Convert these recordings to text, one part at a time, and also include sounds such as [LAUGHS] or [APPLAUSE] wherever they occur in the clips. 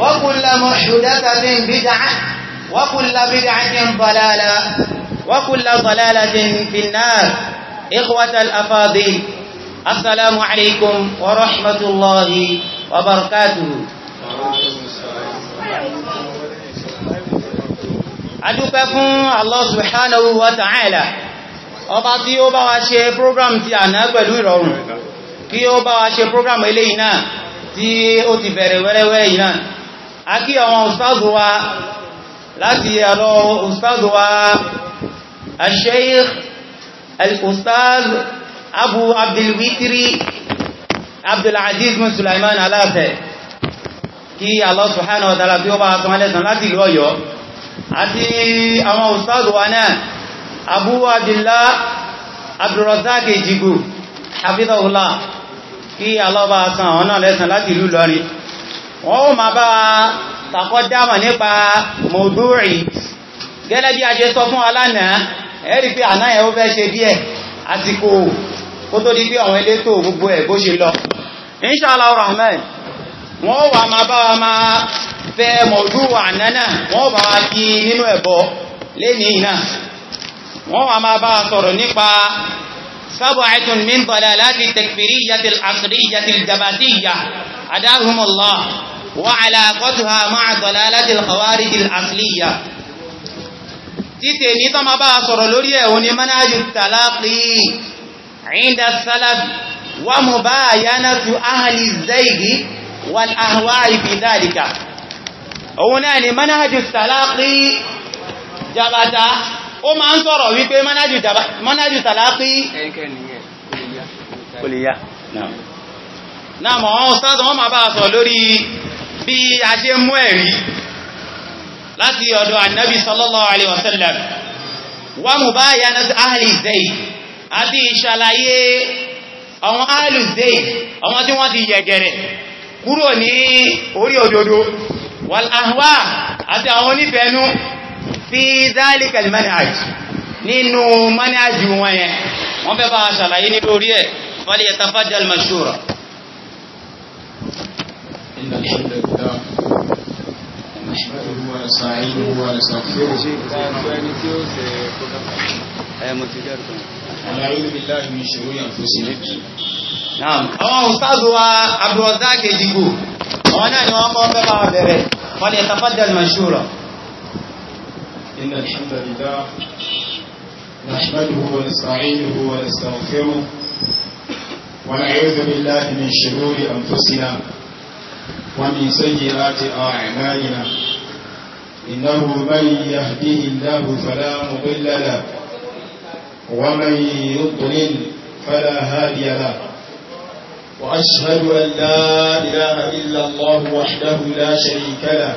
وكل محدثة بدعة وكل بدعة ضلالة وكل ضلالة في النار إخوة الأفاضل السلام عليكم ورحمة الله وبركاته adúpẹ́ fún Allah subhanahu wa ta'ala ọba tí ó bá wa ṣe program ti àná pẹ̀lú ìrọ̀rùn kí ó bá wa ṣe program eléyìí náà tí ó ti bẹ̀rẹ̀ wẹ́rẹ́wẹ́ yìí a kí àwọn ustaz wa láti àlọ́ ustaz wa al-sheikh al-ustaz abu abdulwitiri abdulaziz bin sulaiman aláfẹ́ kí Allah subhanahu wa ta'ala bí ó bá sọ ẹlẹ́sàn láti ìlú ọ̀yọ́ àti àwọn ustaz wa náà abu abdullah abdulrazak ejigu hafizahullah kí Allah bá sọ àwọn náà lẹ́sàn láti ìlú lọ́rin wọ́n ma bá takọ́ dámà nípa mọ̀dúrì gẹ́lẹ́ bí a ṣe sọ fún alánà ẹ̀rí pé àná ẹ̀ ó fẹ́ ṣe díẹ̀ àsìkò kó tó di pé àwọn elétò gbogbo ẹ̀ bó ṣe lọ inshallah rahman wọ́n wà ma bá wa ma fẹ́ mọ̀dúrì ànánà wọ́n bá wa kí nínú ẹ̀bọ lẹ́nìí náà wọ́n wà ma bá wa سبعة من ضلالات التكفيرية العصرية الجباتية أداهم الله وعلاقتها مع ضلالة الخوارج الأصلية títẹ̀ ní tán ma bá sọ̀rọ̀ lórí ẹ̀ عند السلف ومباينة أهل الزيغ والأهواء في ذلك òun náà ni manájú ó máa ń sọ̀rọ̀ wípé mọ́nájú tàlápí olìyá náà mọ̀ wọn sáàtọ̀ wọ́n máa bá sọ lórí bí a ṣe mú ẹ̀rí láti ọ̀dọ̀ annabi sallallahu alaihi wasallam wa mubayanat ahli zayd àti ìṣàlàyé àwọn ahli zayd àwọn tí wọ́n ti yẹ̀gẹ̀rẹ̀ kúrò ní orí òdodo wal ahwa àti àwọn onífẹ́nú fi dáríkàlì mẹ́nìhàjì nínú mẹ́nìhàjì wọn yẹn wọ́n fẹ́ bá a ṣàlàyé nítorí ẹ̀ fọ́lẹ̀ yẹ tafájà mẹ́ṣúra. Àwọn ustaz wa Abdulrazak Ejigo, àwọn náà ni wọ́n kọ́ fẹ́ bá wa bẹ̀rẹ̀, fọ́lẹ̀ yẹ tafájà mẹ́ṣúra. إن الحمد لله نحمده ونستعينه ونستغفره ونعوذ بالله من شرور أنفسنا ومن سيئات أعمالنا إنه من يهديه الله فلا مضل له ومن يضلل فلا هادي له وأشهد أن لا إله إلا الله وحده لا شريك له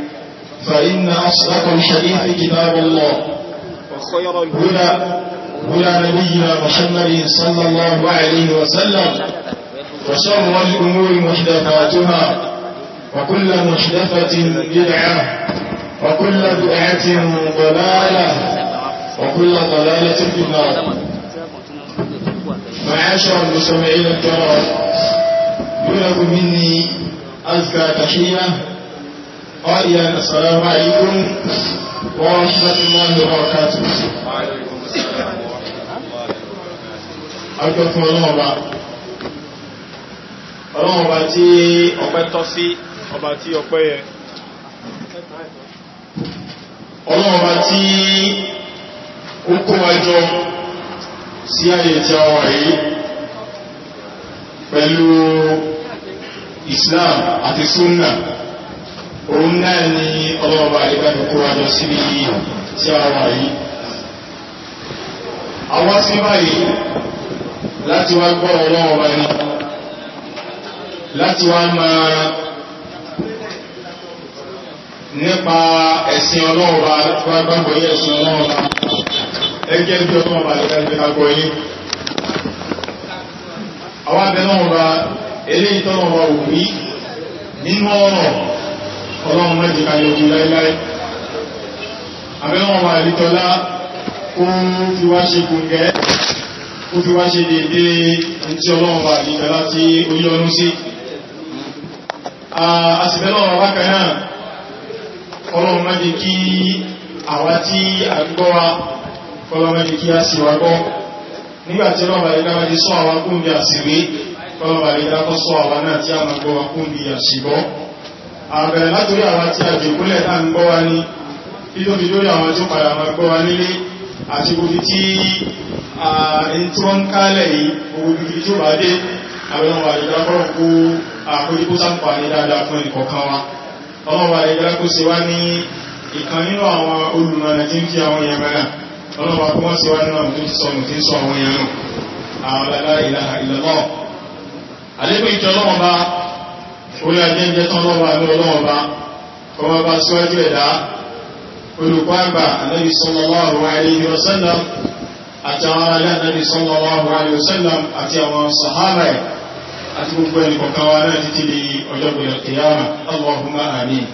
فإن أصدق الحديث كتاب الله وخير الهدى هدى نبينا محمد صلى الله عليه وسلم وشر الأمور محدثاتها وكل محدثة بدعة وكل بدعة ضلالة وكل ضلالة في النار معاشر المستمعين الكرام يرغب مني أزكى تحية قائلا السلام عليكم ورحمة الله وبركاته Àjọ̀fún ọlọ́ọ̀bá, ọlọ́ọ̀bá tí ọpẹ́ tọ́ sí, ọba tí ọpẹ́ yẹ. Ọlọ́ọ̀bá tí ó kó wájọ sí ayé tí a wà yìí pẹ̀lú Islam àti Sunnah òun náà ni ọlọ́ọ̀bá ìgbàdùkú àjọ síbi tí a wà yìí àwọn sí báyìí láti wá gbọ́ ọlọ́ọ̀bá ni láti wá máa nípa ẹ̀sìn ọlọ́ọ̀bá láti wá gbàgbọ́ yẹ ẹ̀sìn ọlọ́ọ̀bá ẹgẹ́ bí ọlọ́ọ̀bá ìgbàdùkú àjọ àwọn abẹ náà wá eléyìí tọ́lọ̀ wá òwú nínú ọ̀rọ̀ ọlọ́run mẹ́jì ká yọjú láíláí abẹ́wọ̀n wà ìlítọ́lá ó fi wá ṣe kòǹgẹ́ ó fi wá ṣe dédé tí ọlọ́run wà ìlítọ́lá tí ó yọ́nú sí àsìbẹ́lọ́run wákan náà ọlọ́run mẹ́jì kí àwa tí a gbọ́ wa ọlọ́run mẹ́jì kí a sì wá gbọ́ nígbàtí ọlọ́run wà ìlítọ́lá ti sọ àwọn kúndì àsìrí ọlọ́run wà ìlítọ́lá tó sọ àwọn náà tí a máa gbọ́ wa kúndì àbẹ̀rẹ̀ látòrí àwọn tí a jòkúnlẹ̀ tá ń gbọ́ wa ní títóbi lórí àwọn tó padà máa gbọ́ wa nílé àti gbogbo tí ń tí wọ́n ń kálẹ̀ yìí gbogbo ibi tó bá dé àwọn ọmọ àdìgbàkọ́rọ̀ kó àkójúkó sáǹpà ní dáadáa fún ìkọ̀kan wa ọlọ́wà àdìgbàkó ṣe wá ní ìkan nínú àwọn olùmọ̀nà orí ajẹ́jẹ́ tán lọ́wọ́ àmì ọlọ́ọ̀bá ọmọ bá síwájú ẹ̀dá olùkọ́ àgbà anábì sallallahu alayhi wa sallam àti àwọn ará anábì sallallahu alayhi wa sallam àti àwọn sàhábà ẹ̀ àti gbogbo ẹni kọ̀ọ̀kan wa náà títí di ọjọ́ gbèrè kìyàmà Allahumma àmín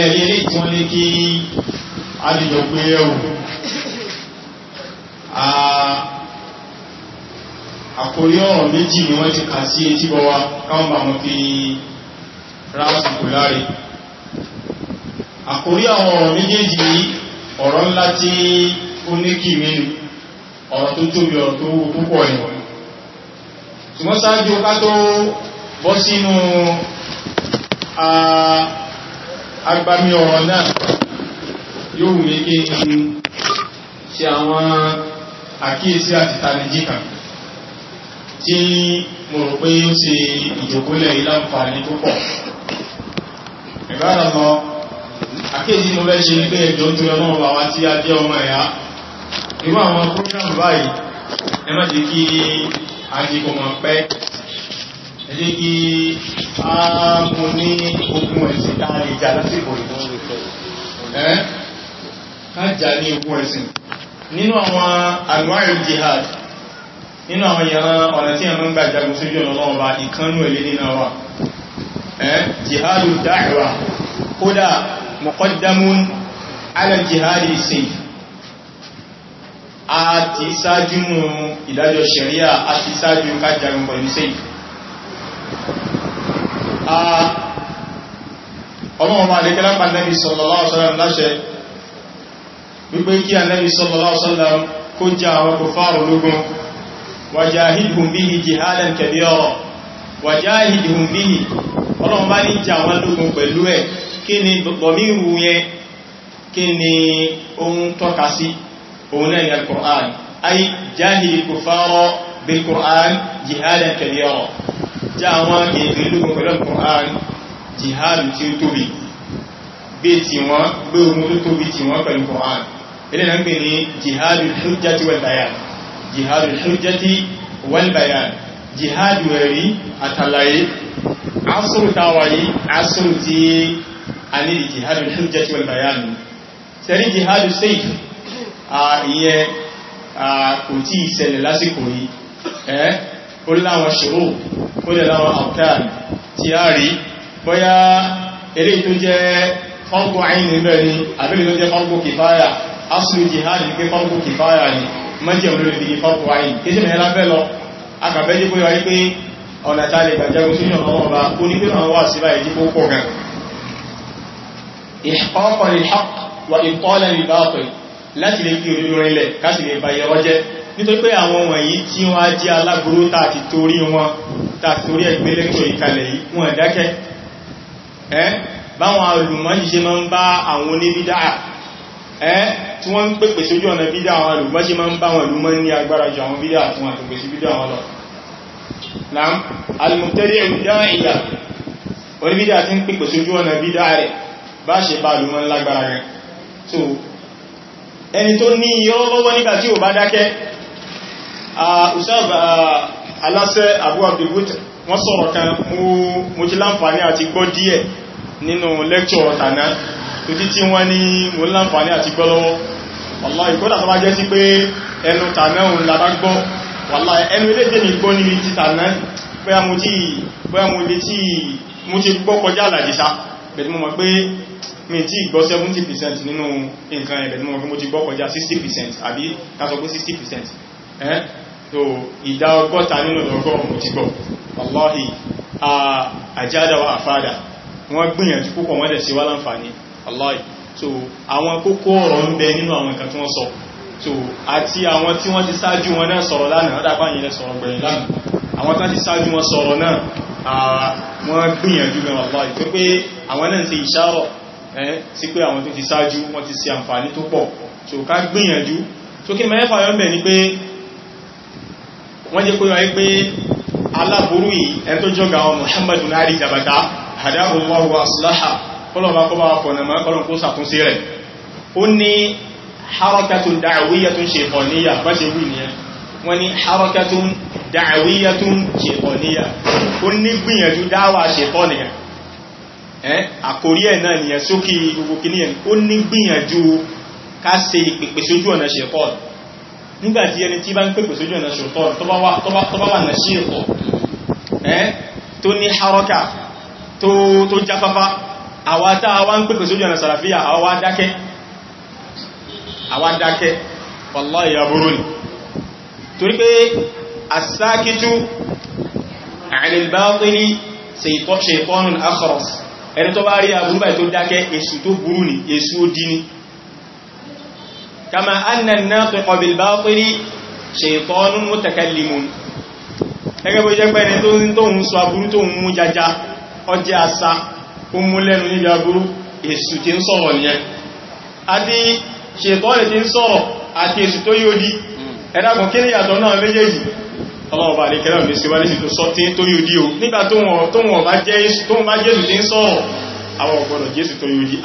ẹ̀rí ilé tí wọ́n lé kí adìjọ pé ẹ̀wù àkórí ọ̀rọ̀ méjì ni wọ́n ti kà sí etí bọ́ wa káwọn bá wọn fi ráàsì kò láre àkórí àwọn ọ̀rọ̀ méjèèjì yìí ọ̀rọ̀ ńlá tí ó ní kì mínú ọ̀rọ̀ tó tóbi ọ̀rọ̀ tó wù púpọ̀ ni ṣùgbọ́n ṣáájú ká tó bọ́ sínú agbami ọ̀rọ̀ náà yóò wù mí kí n ṣe àwọn àkíyèsí àti tàbí jíkà tí mo rò pé ó ṣe ìjòkólẹ̀ ìlànfààní tó pọ̀ ìbára lọ àkéjì mo fẹ́ ṣe ilé ẹjọ́ tó ọlọ́run bàwá tí a jẹ́ ọmọ ẹ̀yà irú àwọn program báyìí ẹ kí àjẹkọ̀ mọ̀ pẹ́ ẹ kí a mú ní ogun ẹ̀sìn dáa ìjà lásìkò ìdánwò ká jà ní ogun ẹ̀sìn nínú àwọn àgbáyé jihad nínú àwọn yẹran ọ̀nà tí ẹ̀mọ́ ń gbà jagun sójú ọ̀nà ọlọ́run bá ìkánú èlé nínú wa jihadu da'wa kódà muqaddamun ala jihadi sin a ti sáájú mú ìdájọ́ sharia a ti sáájú ká jagun pẹ̀lú sin ọlọ́run bá lékẹ́lá pàdánàbí sallallahu alaihi kó já àwọn kòfààrù lógún wàjáhìdùn bí i jihadàn kẹbí ọ̀rọ̀ wàjáhìdùn bí i ọlọ́run bá ní jà wọn lógun pẹ̀lú ẹ̀ kí ni bọ̀míru yẹn kí ni ohun tọ́ka sí ohun náà ni al-Qur'an ay jahil kufara bil-Qur'an jihadàn hujjati wal bayan jihadu hujjati wal bayan jihadu ẹ̀rí àtàlàyé asúrù táwàyí asúrù tí a ní jihadu hujjati wal bayan sẹ́rí jihadu sayf a iye kò tí ìṣẹ̀lẹ̀ lásìkò yìí ẹ́ ó láwọn ṣòro ó lè láwọn àwọ̀tán tí a rí bóyá eré tó jẹ́ fọ́nkú àìyìn níbẹ̀ ni àbílẹ̀ tó jẹ́ fọ́nkú kìfáyà asúrù jihadu ní pé fọ́nkú ni mọ́jẹ̀ olóòdì fọ́pọ̀ ayì kéṣe mẹ́rin lábẹ́ lọ akàbẹ́jú pé wáyé pé ọ̀nà tààlẹ̀ gbàjagun sí ọ̀nà ọba ó ní pé wọ́n wà sí báyìí tí ó pọ̀ gan ìṣọ́kọ̀ lè haq wà ìtọ́lẹ̀ lè bá ọ̀pẹ̀ láti lè fi òdodo rinlẹ̀ káṣì lè bá yẹrọ jẹ́ nítorí pé àwọn wọ̀nyí tí ẹ́ tí wọ́n ń pèpè sójú ọ̀nà bídá àwọn alùgbọ́n ṣe máa ń bá wọn lù mọ́ ní agbára jù àwọn bídá àti wọn àtògbè sí bídá àwọn lọ náà alìmọ̀tẹ́lẹ̀ ìdá ìyà orí bídá ti ń pèpè sójú ọ̀nà bídá rẹ̀ bá ṣe bá lù mọ́ lágbára rẹ̀ so ẹni tó ní irọ́ lọ́wọ́ nígbà tí ò bá dákẹ́ usab aláṣẹ abu abdulgut wọ́n sọ̀rọ̀ kan mo ti láǹfààní àti gbọ́ díẹ̀ nínú lẹ́kṣọ̀ títí tí wọ́n ní mo láǹfààní àti gbọ́ lọ́wọ́ wallahi ìkọ́dà tó bá jẹ́ sí pé ẹnu tàná òun lábá gbọ́ wallahi ẹnu ilé tèmi gbọ́ ní ti tàná bóyá mo ti bóyá mo lè tí mo ti gbọ́ kọjá àlàjìsá bẹ̀tí mo mọ̀ pé mi ti gbọ́ 70% nínú nǹkan ẹ̀ bẹ̀tí mo mọ̀ ti gbọ́ kọjá 60% wa àfádà wọ́n gbìyànjú púpọ̀ wọ́n dẹ̀ sí wá láǹfààní Allah, so àwọn kókó ọ̀rọ̀ ń bẹ nínú àwọn nǹkan tí wọ́n sọ so àti àwọn tí wọ́n ti ṣáájú wọn náà sọ̀rọ̀ lánàá dábà yẹn sọ̀rọ̀ gbẹ̀yìn lánàá àwọn tí wọ́n ti ṣáájú wọn sọ̀rọ̀ náà wọ́n gbìyànjú gan so ká gbìyànjú so kí mẹ́fà yọ́ mẹ́ ni pé wọ́n jẹ́ pé wáyé pé aláburú yìí ẹ tó jọ́gà kọlọ̀bá kọ́ bá fọ̀nà máa kọlọ̀ kó sàtúnṣe rẹ̀ ó ní harakatun da'awiyatun shaytaniyya bá ṣe wù ní ẹ wọ́n ní harakatun da'awiyatun shaytaniyya ó ní gbìyànjú dáwà shaytaniyya àkórí ẹ̀ náà nìyẹn sókè gbogbo kìíní ó ní gbìyànjú ká ṣe ìpèpè sójú ọ̀nà shaytan nígbàtí ẹni tí bá ń pèpè sójú tó ní haraka tó jáfáfá àwátá àwá ń pèpè sójú ọ̀nà sàràfíà àwá dákẹ́ àwá dákẹ́ wallahi aburú ni torí pé as-sakitu 'ala al-batili shaytanun akhras ẹni tó bá rí aburú báyìí tó dákẹ́ èṣù tó burú ni èṣù òdí ni kama anna an bil-batili shaytanun mutakallimun ẹgbẹ́ bó jẹ́ pẹ́ni tó ń sọ aburú tó ń mú jaja ọjẹ́ asa ó mú lẹ́nu níbi aburú èsù tí ń sọ̀rọ̀ nìyẹn àti ṣètọ́nì tí ń sọ̀rọ̀ àti èsù tó yóò di ẹ̀dàkùn kí ní yàtọ̀ náà méjèèjì ọlọ́ọ̀bà àríkẹ́lẹ̀ mi sí wálé tó sọ tí tó yóò di o nígbà tó wọ́n bá jẹ́ èsù tí ń sọ̀rọ̀ àwọn ọ̀gbọ̀dọ̀ jésù tó yóò di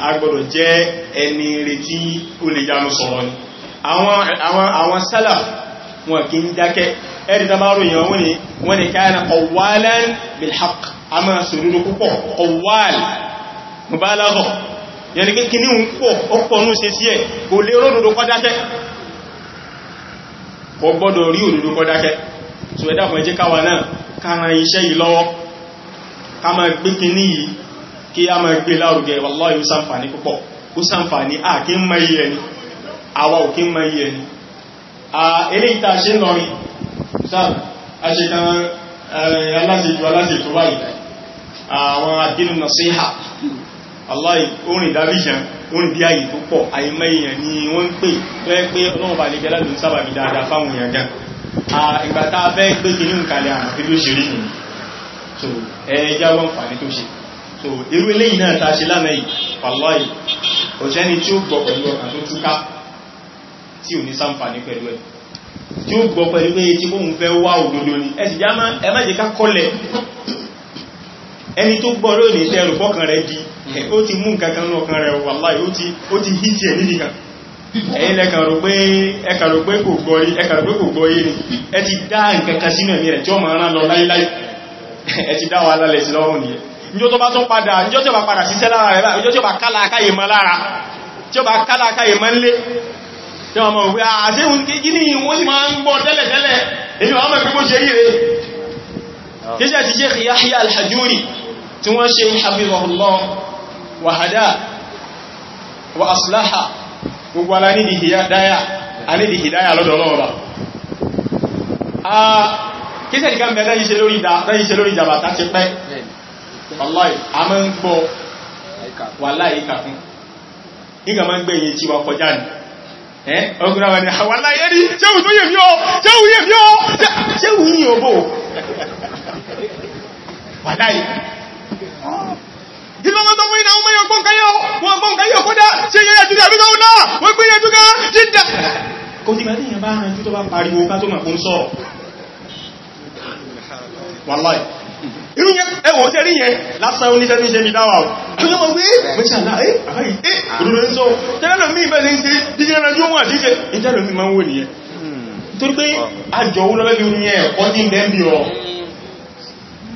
agbọ̀dọ̀ ni káyà na qawwalan bilhaq a máa sòrúdó púpọ̀ ọwáàlì mọ̀bálàgọ̀ yẹni pé kìíní ń pọ̀ ọpọ̀ ní ṣe sí ẹ̀ kò lè ródòdó kọ́dákẹ́ kò gbọ́dọ̀ rí òdòdó kọ́dákẹ́ so ẹ̀dá fún ẹjẹ́ káwà náà kára iṣẹ́ yìí lọ́wọ́ ká máa gbé kìíní yìí kí a máa gbé lárugẹ àwọn adínú nasiha aláì orin dáríṣàn orin bí ayì tó pọ̀ àìmọ́ èèyàn ni wọ́n ń pè lọ́ẹ́ pé ọlọ́run bá lè gẹ́lá ló ń sábà bí dáadáa fáwọn èèyàn gan ìgbà tá a fẹ́ gbé kìíní nǹkalẹ̀ àmọ́ pé bí ó ṣe rí nìyí so ẹja wọ́n fàní tó ṣe so irú eléyìí náà ta ṣe lánàá yìí wàláì kò sẹ́ni tí ó gbọ́ pẹ̀lú ọkàn tó túká tí ò ní sáǹfàní pẹ̀lú ẹ̀ tí ó gbọ́ pẹ̀lú pé tí kóhun fẹ́ wá òdodo ni ẹ sì já má ẹ má jẹ́ ká kọ́lẹ̀ ẹni tó gbọ́ lónìí tẹ́rù fọ́kàn rẹ̀ di ó ti mú nǹkankan ní ọkàn rẹ̀ wàláì ó ti hí tí ẹ̀ níbi kan ẹ̀yìn ẹkàrò pé kò gbọ́ yé ni ẹ ti dá nǹkankan sínú ẹ̀mí rẹ̀ tí ó máa rán lọ láíláí ẹ ti dá wà lálẹ̀ sí lọ́rùn nìyẹn níjọ́ tó bá tún padà níjọ́ tí ó bá padà síṣẹ́ lára rẹ̀ níjọ́ tí ó bá kálá akáyè mọ́ lára tí ó bá kálá akáyè mọ́ nlé tí wọ́n mọ̀ wí àṣíhun kí ní wọ́n sì máa ń gbọ́ tẹ́lẹ̀tẹ́lẹ̀ èyí wọ́n mọ̀ pé bó ṣe rí rẹ̀ kíṣẹ́ ti Sheikh Yahya al-Hajuri tí wọ́n ṣe hafizahullah wàhádá wa aslaha gbogbo ala nídi hidaya a nídi hidaya lọ́dọ̀ lọ́wọ́ba a kíṣẹ́ ìkà mẹ́ dáyíṣẹ́ lórí jàbàtà ti pẹ́ wallahi a mọ́ ń gbọ́ wallahi kàkún nígbà máa ń gbé tí wà kọjá ní ọgbùn àwọn ènìyàn wà láyé ṣéwù tó yè mí ṣéwù yè mí ṣéwù yìí ò bò wà láyé Ìlọ́wọ́ tó mú ìnà ọmọ yọ gbọ́n káyọ̀, wọ́n gbọ́n káyọ̀ kódà, ṣe yẹ yẹ jùlọ àbíkọ́ náà, wọ́n gbé yẹ jùlọ jídà. Kò tí mẹ́rin yẹn bá rán jú tó bá pariwo ká tó mọ̀ fún sọ́rọ̀. Wàláì. Irú yẹn ẹwọ̀n tẹ́ rí yẹn lásán oníṣẹ́ tí ń ṣe mi dáwà ọ̀. Tó yẹ mọ̀ pé, mẹ́ṣàlá, eh, àbáyìí, eh, òdòdó ń sọ, tẹ́lẹ̀ mi ìbẹ̀ ní ṣe, díjẹ́ rẹ̀ jú wọn àdíjẹ́, ìjẹ́ lómi máa ń wò nìyẹn. Torí pé àjọ̀ òun lọ́lẹ́bí orin yẹn, ọdí ń bẹ́ ń bí ọ.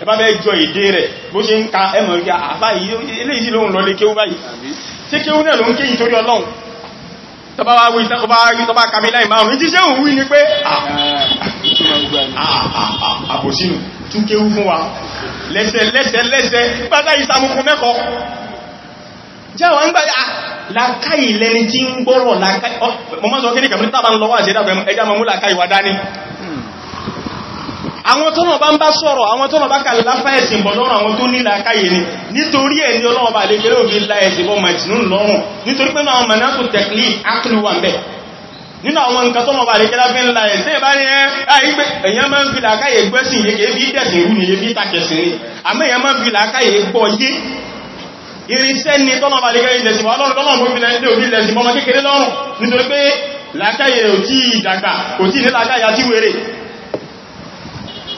ẹbá bẹ́ jọ èdè rẹ̀ bó ṣe ń ka ẹmọ̀ rí ah, àfá iléyìí lóhun lọ lé kéwú báyìí tí kéwú náà ló ń kéyìn torí ọlọ́run tọba wá wí tọba rí tọba kàmí láì márùn ní jíṣẹ́ òun wí ni pé ah, ah, àbòsínú tún kéwú fún wa lẹ́sẹ̀ lẹ́sẹ̀ lẹ́sẹ̀ gbátá ìsàmùkù mẹ́kọ jẹ́wọ́ ń gbá làkáì lẹni tí ń gbọ́rọ̀ làkáì ọmọ sọ kí ní kẹ̀mí tàbá ń lọ wà sí ẹjá mọ́mú làkáì wà dání àwọn tọ́nà bá ń bá sọ̀rọ̀ àwọn tọ́nà bá kàlẹ̀ láfá ẹ̀sìn bọ̀ lọ́rùn àwọn tó nílà káyè ni nítorí ẹni ọlọ́run bá lè kéré òbí lá ẹ̀sìn bọ́ màjìnú lọ́rùn nítorí pé náà mọ̀nàkù tẹ̀klì ákìlú wà bẹ̀ nínú àwọn nǹkan tọ́nà bá lè kéré fi ń la ẹ̀sìn ìbá ní ẹ̀yàn ah, máa ń fi làákàyè gbẹ́sìn yé kébí dẹ̀sìn rú ni yé bí takẹ̀sìn ni àmọ́ èèyàn máa ń fi làákàyè gbọ́ yé irinṣẹ́ ni tọ́nà bá tí wèrè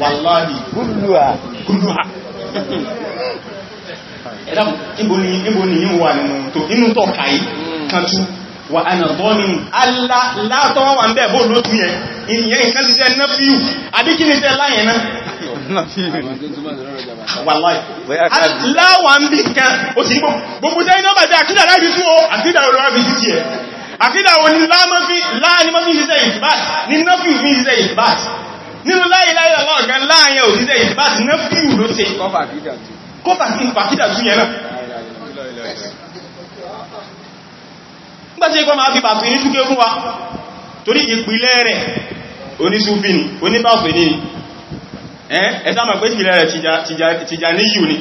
wàláhì gúlùwà gúlùwà ẹ̀dàmù níbo ni yíò wà nínú tó inú tọ́ kàí kàtú wà ànàdọ́ni alátọ́wà wà ń bẹ̀ bóò lótú yẹn ìyẹn nǹkan ti sẹ́ nẹ́fíù àbí kí ni sẹ́ láyẹn náà wàláhì aláwà ń bí kan ó sì gbogbo sẹ́yìn náà bàjẹ́ àkídà láì fi fún ọ àkídà olóra fi títí ẹ̀ àkídà wọn ni láà ní mọ́ fi ṣiṣẹ́ ìsìbáàtì ní nẹ́fíù fi ṣiṣẹ́ ìsìbáàtì nínú láìláì ọlọ́ọ̀gá láàrin òdíjẹ́ ìbá ti ná fíù ló ṣe kọ́fà sí pàkídà tún yẹn náà nígbàtí ikọ́ máa fi bàtù ní túnkẹ́ fún wa torí ìpìlẹ̀ rẹ̀ oníṣúfin oníbàfẹ́ ní ẹ̀ẹ́sà mọ̀ pé ìpìlẹ̀ rẹ̀ Tìjàníyù ni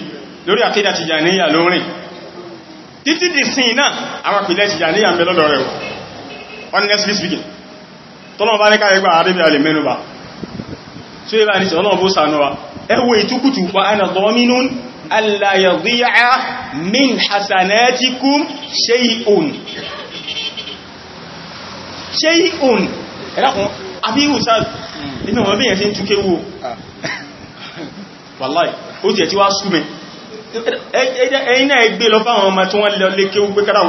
lórí àkídà Tìjàníyà lórin títí di sin náà àwọn ìpìlẹ̀ Tìjàníyà mẹ́lọ́dọ̀ rẹ̀ honestly speaking tọ́lọ̀ bá ní káyẹgbà àríbẹ̀ alẹ́ mẹ́nubà tí ó bá ní sọ̀rọ̀ bó sànúwa ẹwọ ìtukùtù wa ana dhaminun alla yadhi'a min hasanatikum shay'un shay'un ẹ̀lákùn abíhù sáà inú ọmọ bí yẹn fi ń túnkẹ́ wo wàláì ó jẹ́ tí wá súnmẹ́ ẹ̀yìn náà gbé lọ fáwọn ọmọ tí wọ́n lọ lé kéwú pé kára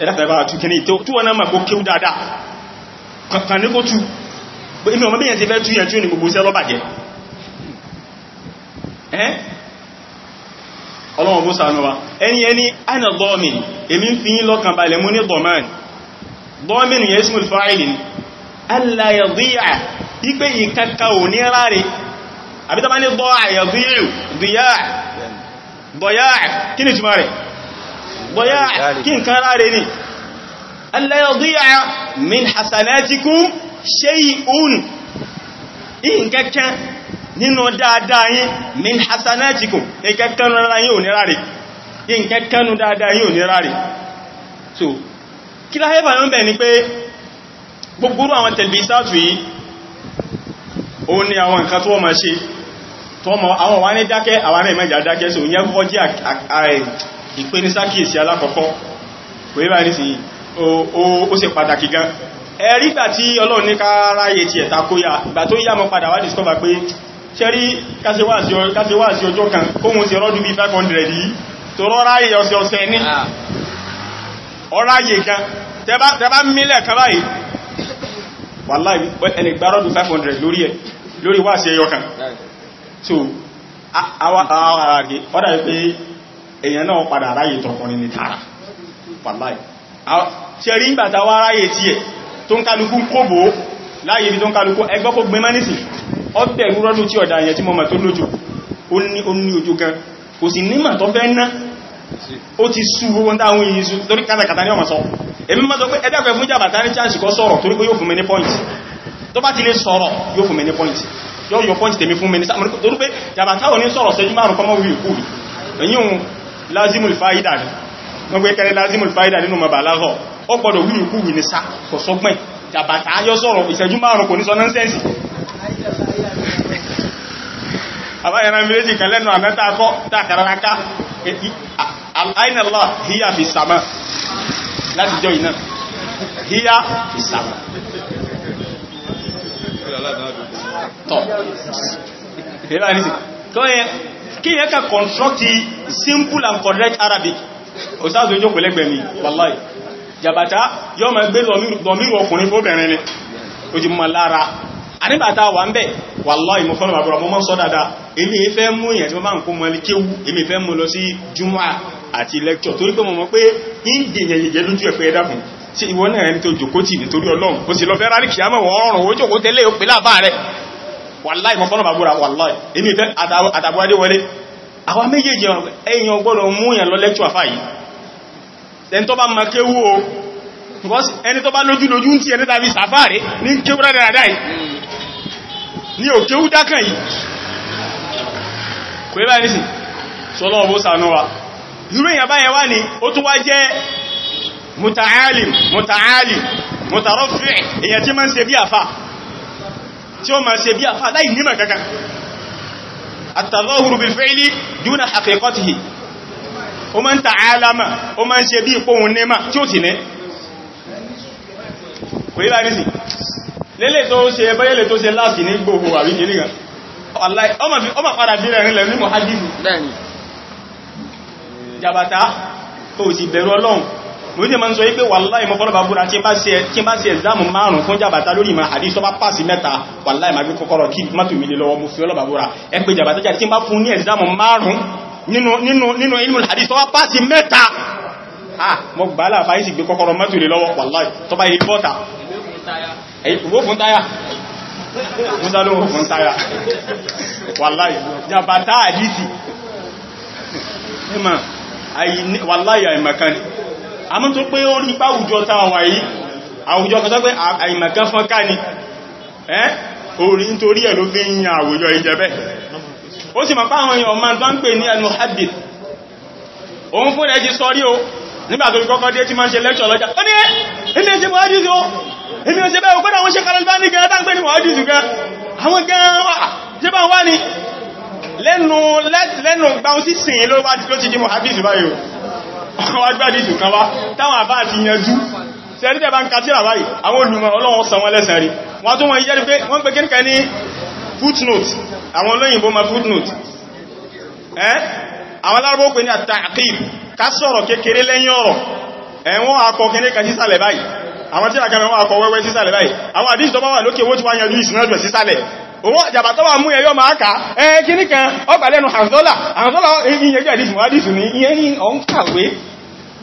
ẹ̀dàfẹ́ bá túnkẹ́ ní tó wọ́n náà mà kó kéwú dáadáa kàníkó tú èmi ọmọ bíyàn ti fẹ́ túyàn tí ó ní gbogbo iṣẹ́ lọ́bàjẹ́ ọlọ́wọ̀n bó sànú wa ẹni ẹni ana dọ́min èmi ń fi yí lọ́kàn balẹ̀ mú ní dọ́mán dọ́min yẹ ismul fa'ilin alla yadhi'a ipé ìkaka ò ní alla yadi'a min hasanatikum shay'un ìǹkẹ́kẹ́ nínú dáadáa yín min hasanatikum ìkẹ́kẹ́nu dáadáa yín ò ní ráre ìǹkẹ́kẹ́nu dáadáa yín ò ní ráre so kí láyé bàyán bẹ̀ ni pé gbogbo àwọn tẹ̀lbísátù yìí ó ní àwọn nǹkan tó wọ́n ma ṣe tọ́mọ àwọn wà ní dákẹ́ àwọn náà dákẹ́ sí òun yẹ́ kọ́ jẹ́ alákọ̀ọ́kọ́ kò yíba sí yìí ó ose pàtàkì gan ẹ̀rí gbà tí ọlọ́run ní kára yẹ ti ẹ̀ta kó yá gbà tó yá mọ́ padà wá discover pé ṣẹ́rí kásẹwà sí ọjọ́ kan kóhun sí ọlọ́dún bí 500 yìí tó rọ́rá yẹ ọ̀sẹ̀ ní ọ̀rá yẹ gan tẹbá mílẹ̀ kan báyìí wàláhì 500 lori so ṣẹ̀rí ń bàtà wá ráyè tí ẹ̀ tó ń kálukú kóbò láyé ibi tó ń kálukú ẹgbọ́kó gbé mẹ́nìsì ọ́tẹ̀ rúrọ́dún tí ọ̀dá ìyẹn tí mọ́mà tó lójú ó ní ojú gan kò sì nímà tó fẹ́ ná ó ti sú gbogbo táwọn èyí sú torí kátàkátà ní ọmọ sọ èmi mọ́ sọ pé ẹgbẹ́fẹ́ fún jàbàtà ní chance kọ́ sọ̀rọ̀ torí pé ẹ̀yìn òun lázimul wọ́n gbé kẹrẹ lázimul fáìdà nínú mọ̀bàlágọ̀ ó gbọ́dọ̀ wíwí kú wì ní sá kò sọ́gbọ́n jàbàtà ayọ́ sọ̀rọ̀ ìṣẹ́jú márùn kò ní sọ nọ́nsẹ́nsì àbáyẹ̀rẹ́ méjì kan lẹ́nu àmẹ́ta akọ́ tààkàràká e, àìnàlá híyà fi sàmà láti jọ ìná híyà fi sàmà tọ́ kíyẹ́ ká construct simple and correct Arabic òsáàzù ìjókò lẹ́gbẹ̀ẹ́ mi wàláì jàbàtá yọ́ ma gbé lọ́mírù ọkùnrin fóbìnrin ni ojúmọ̀ lára àníbàtá wà ń bẹ̀ wàláì mo fọ́nà àbúrò mọ́ sọ dáadáa èmi ìfẹ́ mú èyàn tí mo máa ń kó mọ́ kéwú èmi ìfẹ́ mú lọ sí júmọ́ àti lẹ́kṣọ̀ torí pé mo mọ̀ pé ìdè yẹ̀yẹ̀ lójú ẹ̀pẹ́ ẹ̀dàkùn sí ìwọ náà ẹni tó jòkó tì nítorí ọlọ́run ó sì lọ fẹ́ rárí kìámọ̀ wọ́n ọ̀rùn ó jòkó tẹ́lẹ̀ ó pè láàbá rẹ̀ wàláì mo fọ́nà àbúrò wàláì èmi ìfẹ́ àtàbọ̀ adéwọlé àwọn méjèèjì èyàn gbọ́dọ̀ mú èyàn lọ lẹ́tù àfá yìí ẹni tó bá ma kéwú o ẹni tó bá lójú lójú ń ti ẹni tàbí sàfáàrí ní kéwú dáadáa yìí ní ò kéwú dákàn yìí kò ẹbá nìsìn sọ́lọ́ ọ̀bọ̀ sànú wa irú èyàn báyẹ̀ wá ní ó tún wá jẹ́ muta'alim muta'alim mutarafi èyàn tí ma ń ṣe bí àfá tí ó ma ṣe bí àfá láì nímọ̀ kankan التظاهر بالفعل دون حقيقته ó máa ń ta alama ó máa ń ṣe bí ipò òun nema tí ó sì ní kò yílá nìsìn lélè tó ṣe ẹbẹ́yẹ̀lẹ̀ tó ṣe láti ní gbogbo àrí si mo jẹ́ ma ń sọ wípé wàláì mọ́ fọ́lọ́bà búra tí n bá ṣe ẹ̀zámù márùn fún jàbàtà lórí ìmọ̀ àdí sọ́bá pàṣì mẹ́ta wàláì ma gbé kọ́kọ́rọ̀ kí mọ́tò mi lè lọ́wọ́ mo fi ọlọ́bà búra ẹ pé jàbàtà jáde tí n bá fún ní ẹ̀zámù márùn nínú ilú àdí sọ́bá pàṣì mẹ́ta mo gbà láàfà ìsì gbé kọ́kọ́rọ̀ mọ́tò lè lọ́wọ́ wàláì tọ́bá yìí ah. bọ́ta wo fún táyà musa ló wo fún táyà wàláì jàbàtà àdí sí wàláì àìmọ̀kan àmọ́ tó pé ó nípa àwùjọ táwọn wà yìí àwùjọ kan tó pé àìmọ̀kan fọ́n ká ni orí nítorí ẹ̀ ló fi ń yan àwùjọ ìjẹbẹ́ ó sì mọ̀ páwọn èèyàn ọmọ tó ń pè ní al-muhaddith òun fún ẹjí sọ rí o nígbà tó kọ́kọ́ dé tí máa ń ṣe lẹ́kṣọ̀ lọ́jà ó ní ilé ṣe muhaddith o èmi ò ṣe bẹ́ẹ̀ òpẹ́dà wọn ṣe kalẹ̀lbá ní gẹ̀ẹ́ta ń pè ní muhaddith gan àwọn gan wà ṣe bá wá ní lẹ́nu gbáun sí sìn ló ti di muhaddith báyìí wá gbádìí ìsù kan wá táwọn àbá àti yanjú tí ẹni tẹ́bá ń ka tíra báyìí àwọn olùmọ̀ ọlọ́run sọ wọn lẹ́sẹ̀ rí wọ́n tó wọ́n yẹ́ rí pé wọ́n pè kíníkà ní footnote àwọn olóyìnbó ma footnote ẹ́ àwọn alárúbó pè ní àtàkìb ká sọ̀rọ̀ kékeré lẹ́yìn ọ̀rọ̀ ẹ̀wọ́n akọ kíníkà sísàlẹ̀ báyìí àwọn tíra kẹfẹ́ wọ́n akọ wẹ́wẹ́ sísàlẹ̀ báyìí àwọn àdíṣ òun àjàbà tó wà mú ẹyọ máa ká ẹ kíní kan ọgbà lẹ́nu hanzola hanzola ìyẹn jẹ́ àdìsùn àdìsùn ní ìyẹn ní ọ̀n kàwé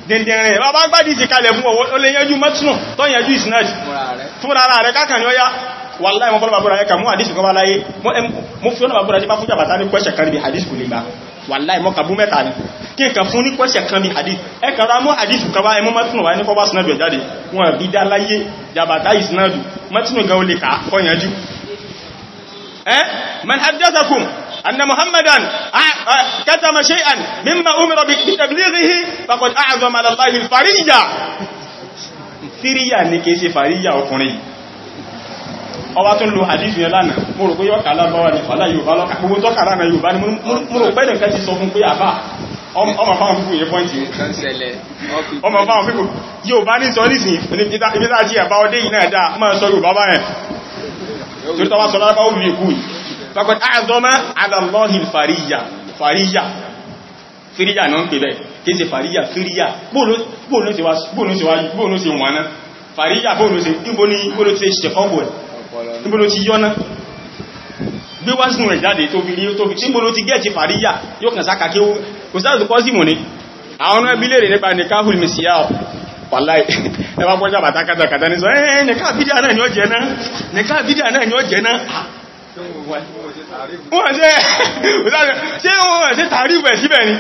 dẹ̀ndẹ̀rẹ̀ bàbá gbádìí ti kalẹ̀ fún ọwọ́ olè yẹjú mẹ́tùnù tó yẹjú ìsinẹ́jì fúnra rẹ̀ kákàní ọya wàláì mọ́ fọ́lọ́bàbúra ẹka mú àdísù kọ́ bá láyé mú fi ọ́nàbàbúra jípa fún jàbátá ní pẹ́ṣẹ̀ kan bí àdísù kò lè gbà wàláì mọ́ kàbú mẹ́ta ni kí n kà fún ní pẹ́ṣẹ̀ kan bí àdísù ẹka rá mọ́ àdísù kọ́ bá ẹmú mẹ́tùnù wáyé ní kọ́ bá sinadu ẹ̀ jáde wọn bí dá láyé jàbátá ìsinadu mẹ́tùnù gan olè kà kọ́ yanjú من حدثكم أن محمدا كتم شيئا مما أمر بتبليغه فقد أعظم على الله الفرية síríyà ní kìí ṣe fàríyà ọkùnrin ọwá tó ń lo àdífì ẹlànà mo rò pé yọ́ kà lábáwà ní fàlá Yorùbá lọ́kà gbogbo tó kà lánà Yorùbá ni mo rò pé nìkan ti sọ fún pé àbá ọmọ fáwọn fífò yẹ pọ́ntì ọmọ fáwọn fífò Yorùbá ní sọ nísìn ibi tá torí tọwà sọ́lá bá wùlé kú faqad a'zama 'ala Allahi al-fariyya fariyya fíríyà náà ń pè bẹ́ kí ṣe fariyya fíríyà bóòlù sí wọn náà fariyya bóòlù sí níbo ní bóòlù ti ṣe fọ́gbù ẹ̀ níbo ló ti yọ́ná gbé wá sínú ẹ̀ jáde tó fi rí tó fi tí níbo ló ti gẹ́ẹ̀tì fariyya yóò kàn sáka kí ó wàláì ẹwà pọ́jà bàtà kátàkátà ní sọ ẹ́ nìká bídíà náà ni ó jẹ náà nìká bídíà náà ni ó jẹ náà wọ́n ṣe wọ́n ṣe tàrífẹ̀ síbẹ̀ ni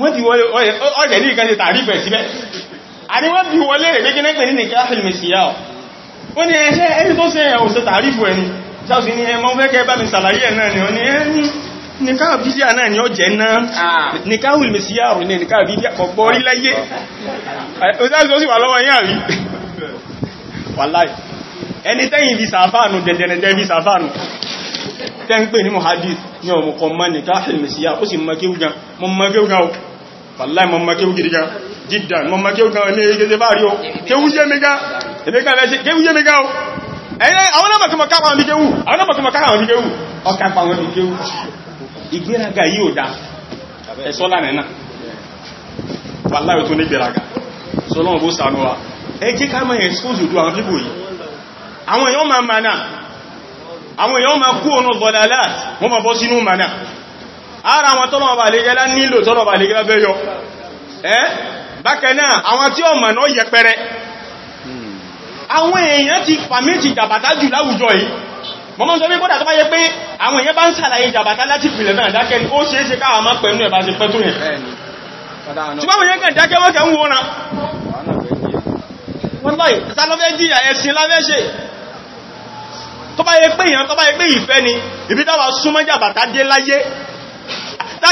wọ́n ti wọlé ọ̀rẹ́ ní ìkan ṣe tàrífẹ̀ síbẹ̀ àní wọ́n bí wọlé rẹ̀ gẹ́gẹ́ nẹ́gbẹ̀ ní nìká ìlmẹ̀síyà wọ́n ni ẹ̀ṣẹ́ ẹni tó ṣe ẹ̀ nìkáwà bídíà náà ni ó jẹ́ náà ah. nìkáwà ìmẹ̀síyàrù ní nìkáwà bídíà kọ̀ gbọ́ orí láyé òsáàsì ah. eh, ó sì wà lọ́wọ́ yín àrí wàláì ẹni tẹ́yìn bí sàfánù dẹ̀dẹ̀dẹ̀ bí sàfánù tẹ́ ń pè ní mohadis ní ọmọ kan mọ́ nìkáwà ìmẹ̀síyàrù ó sì mọ́ kéwùgán mọ́ mọ́ kéwùgán ó wàláì mọ́ mọ́ kéwùgán jiddan mọ́ mọ́ kéwùgán ní ẹgbẹ́ bá rí ó kéwù jẹ́ mi gan kéwù jẹ́ mi gan ó ẹ̀yẹ́ àwọn náà mọ̀ kí mọ̀ káwọn bí kéwù àwọn náà mọ̀ kí mọ̀ káwọn bí kéwù ọkà pàwọn bí kéwù ìgbéraga yìí ò dá ẹ̀sọ́ lánàá náà wàláhì tó ní gbéraga sọlọ́wọ́n bó sànú wa ẹ jẹ́ ká mọ́ expose ojú àwọn pípò yìí àwọn èèyàn máa mana àwọn èèyàn máa kú ọ̀nà bọ̀dàlá wọ́n máa bọ́ sínú mana ara àwọn tọ́lọ̀wọ́ bà hmm. ti fà láwùjọ yìí mọ́ mọ́ sọ pé kódà tó bá yẹ pé àwọn èyẹ bá ń sàlàyé ìjàbàtà láti pìlẹ̀ náà dákẹ́ ni ó ṣe é ṣe káwà máa pẹ̀lú ẹ̀bá ṣe pẹ́ tó yẹn tí wọ́n yẹ kàn dákẹ́ wọ́n kàn ń wọ́n wọ́n báyìí tàlọ́fẹ́ jíyà ẹ̀sìn láfẹ́ ṣe tó bá yẹ pé ìyàn tó bá yẹ pé ìfẹ́ ni ibi táwà súnmọ́ jàbàtà dé láyé ta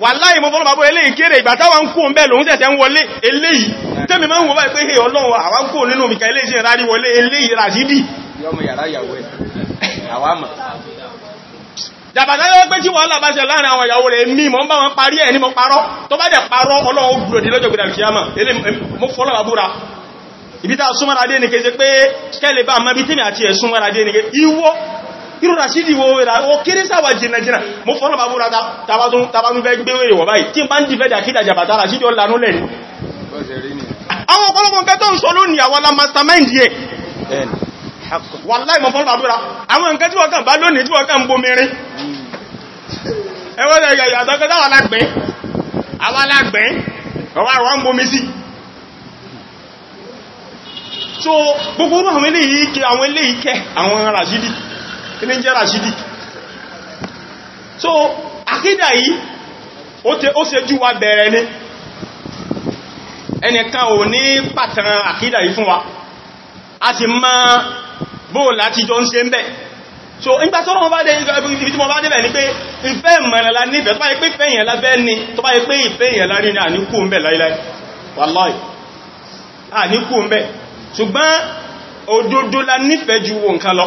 wàláhì mo fọ́nà bàbá eléyìí kéré ìgbà táwa ń kó ń bẹ́ lòun tẹ̀sẹ̀ ń wọlé eléyìí tẹ́mi máa ń wọ báyìí pé hey ọlọ́run àwa ń kó nínú mìkà eléyìí ṣe rárí wọlé eléyìí ràṣídì jàbàtà yóò pé tí wọ́n lábá ṣe láàrin àwọn ìyàwó rẹ̀ ní mọ́ bá wọn parí ẹ̀ ní mọ́ parọ́ tó bá jẹ́ parọ́ ọlọ́run gbùròdì lọ́jọ́ gbìdà kìyàmà elé mọ́ fọ́lọ́bàbúra ibi tá súnmọ́ra dé ní kéje pé kẹ́lẹ̀ bá mọ́bí tí mi àti ẹ̀ súnmọ́ra dé ní kéje ìwọ irú rasidi wo wèrè ó kéré sáwà jìnàjìnà mo fọ́nà bá múra tabanú fẹ́ gbé wèrè wọ̀ báyìí tí n bá ń dìfẹ́ dàkídà jàbàtà rashidi ó lanú lẹ́nu àwọn ọ̀pọ̀lọpọ̀ nǹkan tó ń sọ lónìí àwọn la mastermind yẹ wàláì mọ̀ fọ́nà bàbúra àwọn nǹkan tí wọ́n kàn bá lónìí tí wọ́n kàn ń bomirin hmm. ẹwọ́n ẹ̀yà àtọ́kẹ́ta wà lágbẹ́ àwọn alágbẹ́ ọwọ́ àwọn so gbogbo àwọn eléyìí kẹ àwọn eléyìí ní jẹ́ rashidi so àkídà yìí ó ṣe jú wa bẹ̀rẹ̀ ní ẹnìkan ò ní pàtàn àkídà yìí fún wa a sì mọ́ bóò láti jọ ń ṣe ń bẹ̀ so nígbà tọ́rọ wọn bá dé ibi tí wọ́n bá dé bẹ̀ ní pé ìfẹ́ ìmọ̀lẹ́lá nífẹ̀ẹ́ tó bá yẹ pé ìfẹ́ èèyàn lábẹ́ ni tó bá yẹ pé ìfẹ́ èèyàn lárí ní àníkù ń bẹ̀ láíláí wàláì àníkù ń bẹ̀ ṣùgbọ́n òdodo la nífẹ̀ẹ́ ju wo nǹkan lọ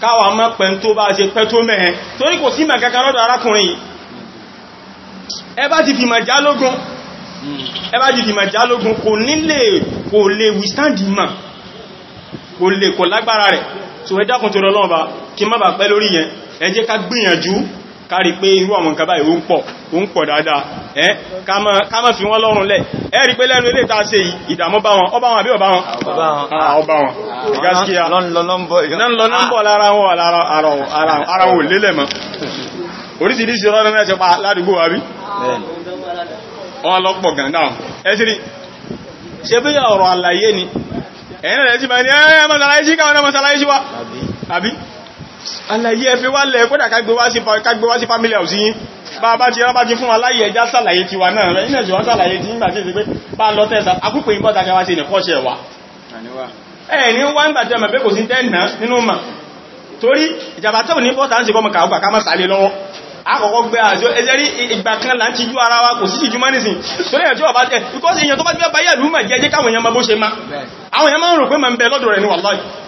káwà mọ́ pẹ̀ tó bá ṣe pẹ́ tó mẹ́ẹ̀ torí kò sí mẹ́ kankan lọ́dọ̀ arákùnrin yìí ẹ bá ti fìmọ̀ jálógún ẹ bá ti fìmọ̀ jálógún kò nílè kò lè withstand ìmọ̀ kò lè kò lágbára rẹ̀ so ẹ dákun tó lọ́lọ́wọ́ bá kí ẹ́ ká má fi wọ́n lọ́rùn lẹ̀ ẹ́ rí pé lẹ́nu ilé tàà ṣe ìdàmú bá wọn ọba wọn àbí ọba wọn ọba wọn gaskiya lọ́nlọ́nbọ̀ lára wọn ara wọn lélẹ̀ mọ́ orísìírísìí rọ́nà mẹ́ta pa ládùúgbò wa bí wọn lọ́pọ̀ gàndà ẹ̀sìrí ṣe bí ọ̀rọ̀ àlàyé ni ẹ̀yìn rẹ̀ ti bá ní ẹ́ mọ́sàlàyé sí káwọn mọ́sàlàyé sí wa àbí àlàyé ẹfẹ́ wá lẹ̀ kódà ká gbé wá sí family house yín bá bá ti rábá ti fún wa láyé ẹjá sàlàyé ti wà náà rẹ̀ ìnẹ̀sì wọ́n sàlàyé ti nígbà tí ìsẹ́ pé bá lọ tẹ́sà àkúpè ìbọ́ta kẹwàá sí ìnìkọ́ṣẹ́ wa ẹ̀ ní wá ń gbàjẹ́ ọmọ pé kò sí tẹ́ẹ̀nà nínú mà torí ìjàmbá tẹ́wò ní bọ́ta ń se kọmọ kàwọ́ kàmọ́ sàlẹ̀ lọ́wọ́ àkọ́kọ́ gbé àjọ ẹjẹ́ rí ìgbà kan là ń ti jú ara wa kò sí ìjú mọ́ nìsìn torí ẹ̀jọ́ ọba tẹ́ because èèyàn tó bá ti bẹ́ báyẹ̀ lúmọ̀ jẹ́ jẹ́ káwọn èèyàn máa bó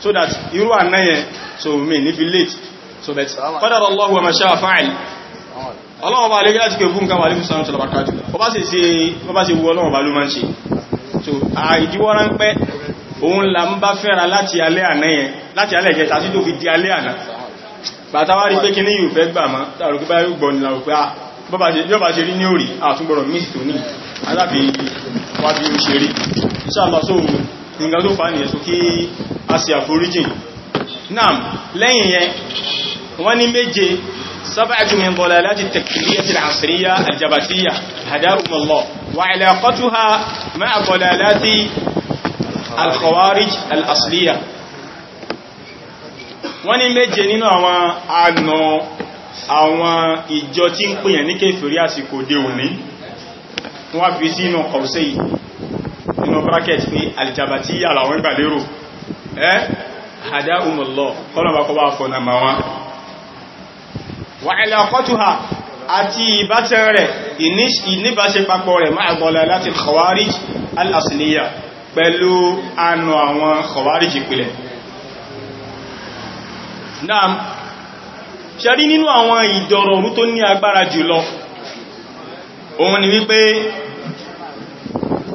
so that irú àná yẹn so mi ní fi late so that qadara Allahu wa ma sha'a fa'al ọlọ́wọ́ bá lè láti kẹ fún káwà alẹ́kùn sáwọn tọ́lọ̀bà kájú ọba sì sí ọba sì wú ọlọ́wọ́ bá ló máa ń ṣe so àìdíwọ́ ránpẹ́ òun là ń bá fẹ́ra láti alẹ́ àná yẹn láti alẹ́ ìjẹta tí tó fi di alẹ́ àná bàtàwà rí pé kí ní yìí fẹ́ gbà má tààrùkú bá yóò gbọ́ nílà òpé yọba ṣe rí ní òrì àtúgbọ̀rọ̀ mí nǹkan tó fà ní ẹ̀sùn kí a sì àforíjìn náà lẹ́yìn yẹn wọ́n ní méje سبعة من ضلالات التكفيرية العصرية الجبتية هداهم الله وعلاقتها مع ضلالات الخوارج الأصلية wọ́n ní méje nínú àwọn àna àwọn ìjọ tí ń fi sínú kọ̀ọ̀sẹ́ yìí nínú bracket pé alìjàbàtí àlàwọn ìgbàlérò ẹ́ àdá umùlọ kọ́lọ̀bà kọ́ bá fọ́nà ma wá wà ilẹ̀ ọkọ́tù ha àti ìbátẹ̀ rẹ̀ ìníbáṣe papọ̀ rẹ̀ máa gbọ́lá láti khawarij al-asliya pẹ̀lú ànà àwọn khawarij ìpìlẹ̀ naam ṣarí nínú àwọn ìdọ̀rọ̀rú tó ní agbára jùlọ òun ni wípé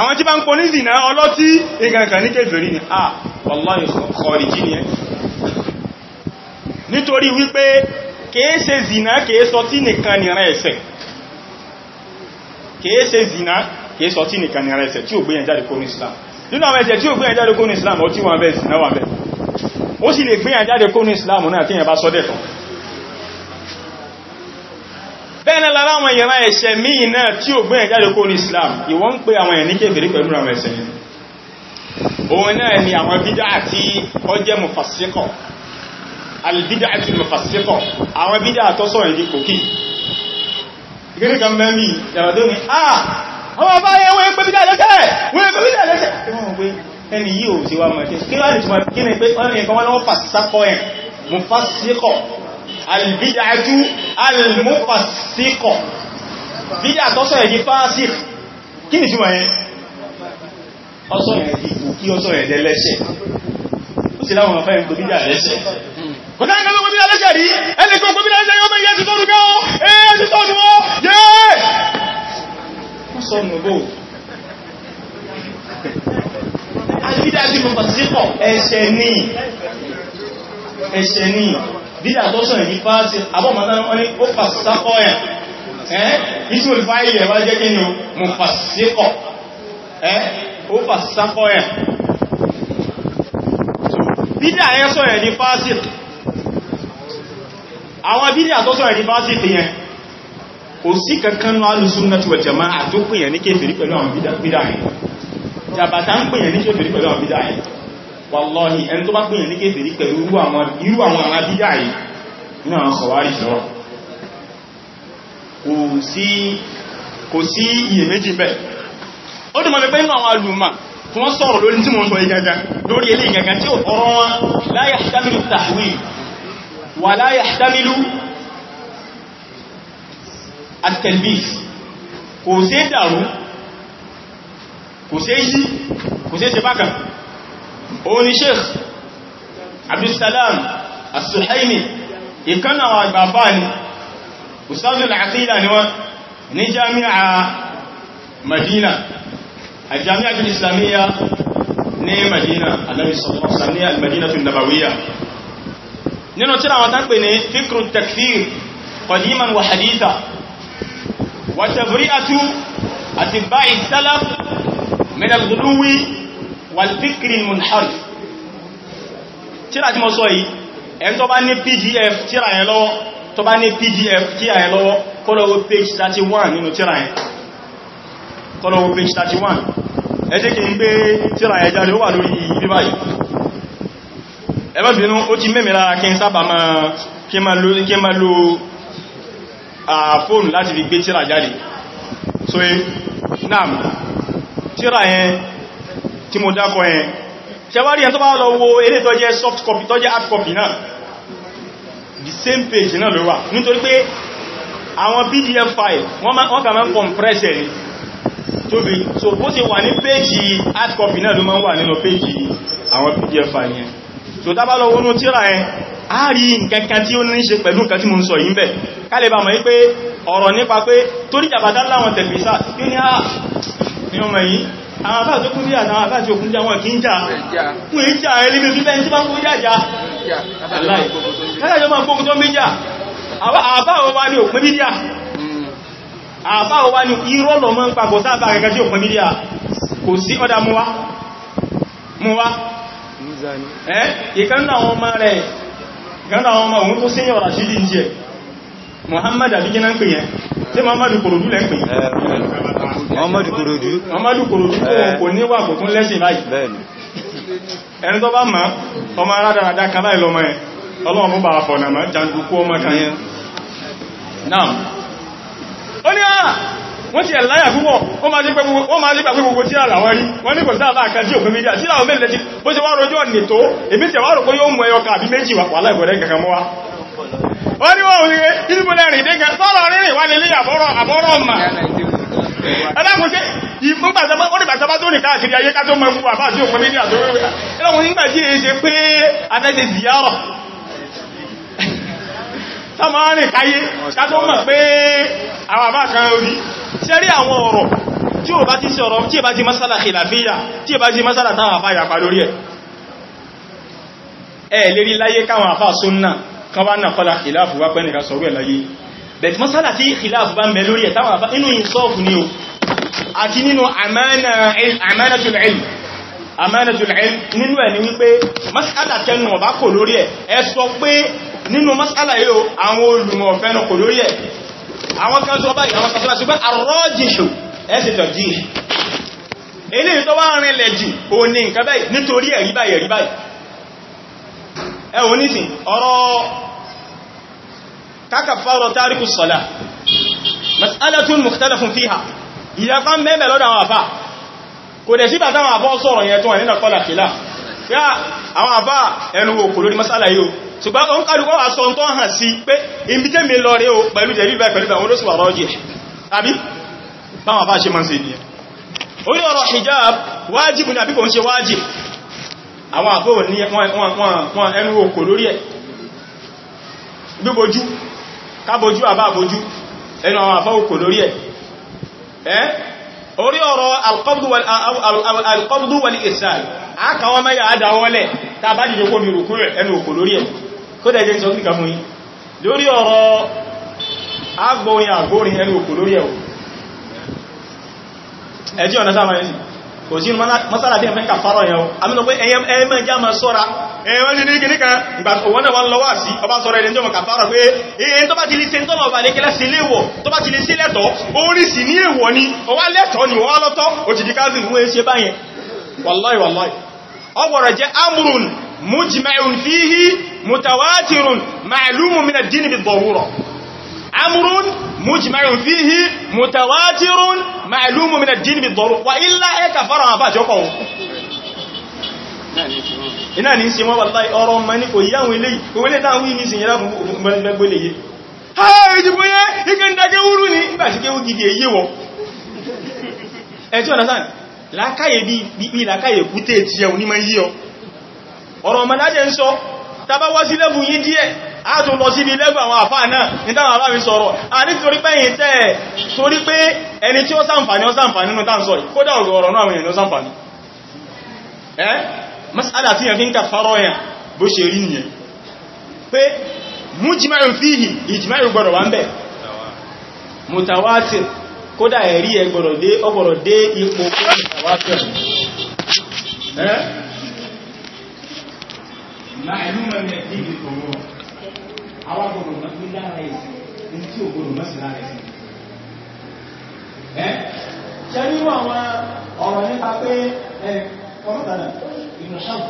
àwọn tí bá ń pọ̀ ní ìdìnà ọlọ́tí ìgbàǹkà ní kèfèrí ni à ah, wallahi kọ̀ọ̀rìjí ni ẹ́ nítorí wípé kèé ṣe zìnà kèé sọ tí nìkan nìran ẹ̀ṣẹ̀ kèé ṣe zìnà kèé sọ tí nìkan nìran ẹ̀ṣẹ̀ tí ò gbé yẹn jáde kó ní Islam nínú àwọn ẹ̀ṣẹ̀ tí ò gbé yẹn jáde kó ní Islam ọtí bẹ́ẹ̀ zìnà wọn bẹ́ẹ̀ ó sì lè gbé yẹn jáde Islam náà tí yẹn bá sọ́dẹ̀ tán bẹ́ẹ̀nà lára àwọn ìyẹ̀rá ẹ̀ṣẹ̀ míì náà tí ò gbẹ́yàn jáde kó ní Islam ìwọ́n ń pè àwọn ẹ̀ní kéfèrí pẹ̀lú àwọn ẹ̀ṣẹ̀ yẹn òun náà ni àwọn bídá àti ọjẹ́ mufasikọ̀ albídá àti mufasikọ̀ àwọn bídá àtọ́sọ̀ ìdí kòkí ìgbẹ́rẹ́ kan bẹ́ mi yàrádó ni ah ọmọ bá yẹ wọ́n pẹ́ bídá lẹ́sẹ̀ wọ́n pẹ́ bídá lẹ́sẹ̀ ẹni yìí ò sí wa mọ̀ kí wá ní túnmọ̀ kí ni pé ọ̀rìn ẹ̀kọ́ wọn lọ́wọ́ fàṣíkọ̀ ẹ̀ mufasikọ̀ albídájú almúkọ̀síkọ̀ bídá tọ́sọ̀ ẹ̀dí fásí kí ni túnmọ̀ yẹn ọsọ̀ ẹ̀dí kò kí ọsọ̀ ẹ̀dẹ́ lẹ́ṣẹ̀ ó sì láwọn ọ̀fẹ́ ìgbò bídá lẹ́ṣẹ̀ kò dáa gbogbo bídá lẹ́ṣẹ̀ rí ẹni gbogbo bídá lẹ́ṣẹ̀ yóò mẹ́yẹ ti tọ́nu gẹ́ọ́ ẹ̀ẹ́ ti tọ́nu ọ́ yẹ́ sọ́nù bò albídájú mọ̀kọ̀síkọ̀ ẹ̀ṣẹ̀ ni ẹ̀ṣẹ̀ ni dídà tó sọ ìdí fásí abọ́mọ̀tán wọ́n ní ẹ̀ jẹ́ kí ni o mú ya ẹ́ ó fàṣíkọ́ ẹ̀ dídà ẹ́ sọ ìdí fásí àwọn dídà tó sọ fásí ti yẹn kò sí kankan ní alùsùnnati wal jamā'a tó ní kéfèrí pẹ̀lú àwọn bídà yẹn wàlọ́hì ẹni tó bá pèèyàn ní kéfèrí pẹ̀lú irú àwọn àbídà yìí nínú àwọn sọ̀wárí jọ kò sí iyèméjì bẹ́ẹ̀ ó dùn mọ́ pé nínú àwọn alùmà tí wọ́n sọ̀rọ̀ lórí tí wọ́n sọ ìgaga lórí ilé ìgaga tí ọ̀rọ̀ wọn la yahtamilu tahwil wa la kò sí dàrú kò sí yí kò sí ṣe òun ni sheikh abdulsalam suhaimi ìkánà wa àgbàbá ni ustazul aqila ni wa ní jami'a madina a jami'a islamiyya ní madina alayhi sallallahu alaihi wasallam ní al-madinatu an-nabawiyya nínú tíra wa tán pè ní fikru takfir qadiman wa haditha wa tabri'atu atibba'i salaf min al-ghuluwi wàlfíkìrì munharif tíra tí mo sọ yìí ẹni tó bá ní pdf tíra yẹn lọ́wọ́ page 31 nínú tíra yẹn kọ́lọ̀wọ́ page 31 ẹ jẹ́ kí n gbé tíra yẹn jáde ó wà lórí ibi báyìí ẹ má ti mẹ́mẹ́ lára kí n sábà máa kí máa lo fóònù láti fi gbé tíra jáde so náà tíra yẹn tí mo dákọ̀ ẹ̀ ṣẹwárí ẹn tó bá lọ wo eré tó jẹ́ soft copy tó jẹ́ hard copy náà the same page náà ló wà nítorí pé àwọn pdf file wọ́n kà máa ń compress ẹ̀ tóbi so bó ṣe wà ní péjì hard copy náà ló máa ń wà nínú péjì àwọn pdf file yẹn so tábá lọ wọnú tíra ẹ̀ a rí nǹkankan tí ó ní ṣe pẹ̀lú nǹkan tí mo ń sọ yìí bẹ̀ kálẹ̀ bá mọ̀ wípé ọ̀rọ̀ nípa pé torí jàbátá láwọn tẹ̀fẹ́sà yóò ní àà ah, ní ọmọ yìí àwọn àbá tó kún sí àtàwọn àbá tí ó kún sí àwọn ìkíńjà fún ìjà ẹlẹ́gbẹ̀ fífẹ́ tí bá kún sí àjá aláìjọ́ máa gbógun tó méjà àbá ọwá ní òpin mídíà hmm. àbá ọwá ní ìrọ́lọ̀ mọ́ ń papọ̀ sáàbà rẹ̀ kẹjọ òpin mídíà kò sí ọdá múwá múwá ìkẹ́ Muhammadu. àbí kíná ń pè yẹn tí Muhammad Kòròdú lẹ́ ń pè Muhammad Kòròdú Muhammad Kòròdú kò ní wà kò tún lẹ́sìn báyìí ẹni tó bá máa ọmọ arádáradá kan láì lọmọ ẹ bá ọmọ kan yẹn náà ó ní àà ah, wọ́n ti ẹ̀láyà púpọ̀ máa gbogbo tí àlàwọ́ rí wọ́n ní kò sí àbá òfin mídíà tí àwọn mẹ́lẹ̀ tí bó wá rọjọ́ tẹ̀wárò yóò méjì wà pàlá wọ́n ní wọ́n wíwé ìdúgbòlẹ̀ rìn dé gan sọ́rọ̀ rírìn wà nílé àbọ́rọ̀ àbọ́rọ̀ mà ẹlẹ́kùnṣẹ́ ìfúnbàtàbá ó nìbàtàbá tó nìká àkiri ayé ká tó mọ̀ fún àbá àti òpin ní àtòrí ẹlẹ́kùn nígbà tí èé ṣe pé afẹ́ṣe ziyarọ̀ sọmọ́rin káyé ká tó mọ̀ pé àwọn àbá kan orí ṣẹ́rí àwọn ọ̀rọ̀ tí ó bá ti sọ̀rọ̀ tí ó bá ti masala khilafiyya tí ó bá ti masala táwọn àfáyà pa lórí ẹ̀ ẹ̀ lérí láyé káwọn àfáà sunna káwà náà kọ́lá ìláàfù wá pẹ́nìká sọ̀rọ̀ ẹ̀ láyé bẹ̀tí mọ́sálà tí ìláàfù bá ń bẹ lórí ẹ̀ táwọn àfá inú ìsọ́ọ̀fù ni o àti nínú àmánatul ilm àmánatul ilm nínú ẹ̀ ni wípé mọ́sálà tẹnu ọ̀bá kò lórí ẹ̀ ẹ sọ pé nínú mọ́sálà yóò àwọn olùmọ̀ fẹ́nu kò lórí ẹ̀ àwọn kan sọ jí eléyìí tó rìnlẹ̀ jù òní nǹkan báyìí nítorí ẹ̀rí báyìí ẹ̀rí báyìí ẹwọ nísìn ọ̀rọ̀ kákàfàrọ̀ tàríkù sọ́lá masalatun mukhtalafun fiha ìyàfà mẹ́bẹ̀ lọ́dọ̀ àwọn àfà kò dẹ̀ síbà táwọn àfà sọ̀rọ̀ yẹn tó wà nínú kọlà kìlá pé àwọn àfà ẹnu òkú lórí masala yìí o ṣùgbọ́n ó ń kàrùkọ́ àṣọ tó hàn sí pé ìbítẹ́ mi lọ rí o pẹ̀lú jẹ̀bí bẹ́ẹ̀ pẹ̀lú àwọn olóṣùwà ni orí ń ṣe wájìbù àwọn àfẹ́wò ní wọn ẹnu okò lórí ẹ̀ gbíbojú kábojú àbábojú ẹnu àwọn àfẹ́wò okò lórí ẹ̀ orí ọ̀rọ̀ alqabdu wal irsal àkàwọn mẹ́yà àdáwọlẹ̀ tàbá ẹnu kò sí masala bí ẹ̀mẹ́ka farọ́ yẹn o amínú pé ẹ̀mẹ́ já ma sọ́ra ẹ̀wọ́n ní kìí kan ìgbà òwọ́n náà wọ́n lọ́wọ́ sí ọba sọ́rọ̀ ẹ̀dẹ̀ jọmọ̀ kàfàrọ̀ pé èyí tó bá ti lè ṣe tọ́nà ọba lẹ́kẹ́lẹ́ sí léwọ̀ tó bá ti lè sí lẹ́tọ̀ orí sí ní èwọ̀ ni ọwá lẹ́tọ̀ ni mujma'un fihi mutawatirun ma'lumun min ad-din bid-darura wa illa yakfaru àbá àjọkọ̀ iná ní ṣe wọ́n wàláì ọ̀rọ̀ ọmọ ní kò yí àwọn ilé ìwélé táwọn wí ní ìsìnyẹ́lá gbẹ́gbẹ́lẹ̀ yé ha ìdìbò yẹ́ ìkẹ́ndàgé wúrú ní ìgbàsíké ó gidi èyí wọ ẹ̀tí ọ̀nà sáà lákàyè bí i lákàyè kúté ti ẹ̀ tàbá wá sí lẹ́bù yí díẹ̀ a tún lọ síbi lẹ́bù àwọn àfá náà ní táwọn àbá mi sọ̀rọ̀ a ní torí pé yìí tẹ́ torí pé ẹni tí ó sàǹfàní ó sàǹfàní nínú táǹsọ̀ kódà ọ̀rọ̀ náà àwọn èèyàn sàǹfàní ka màálùmọ̀ ní ẹ̀dí ìfọwọ́ àwọn agbọ̀dọ̀ máa gbé lára ẹ̀sìn ní tí ò gbọdọ̀ máa sì lára ẹ̀sìn ẹ́ ṣe nínú àwọn ọ̀rọ̀ nípa pé ẹ kọ́mọ̀tàdà ìrìnàṣàbù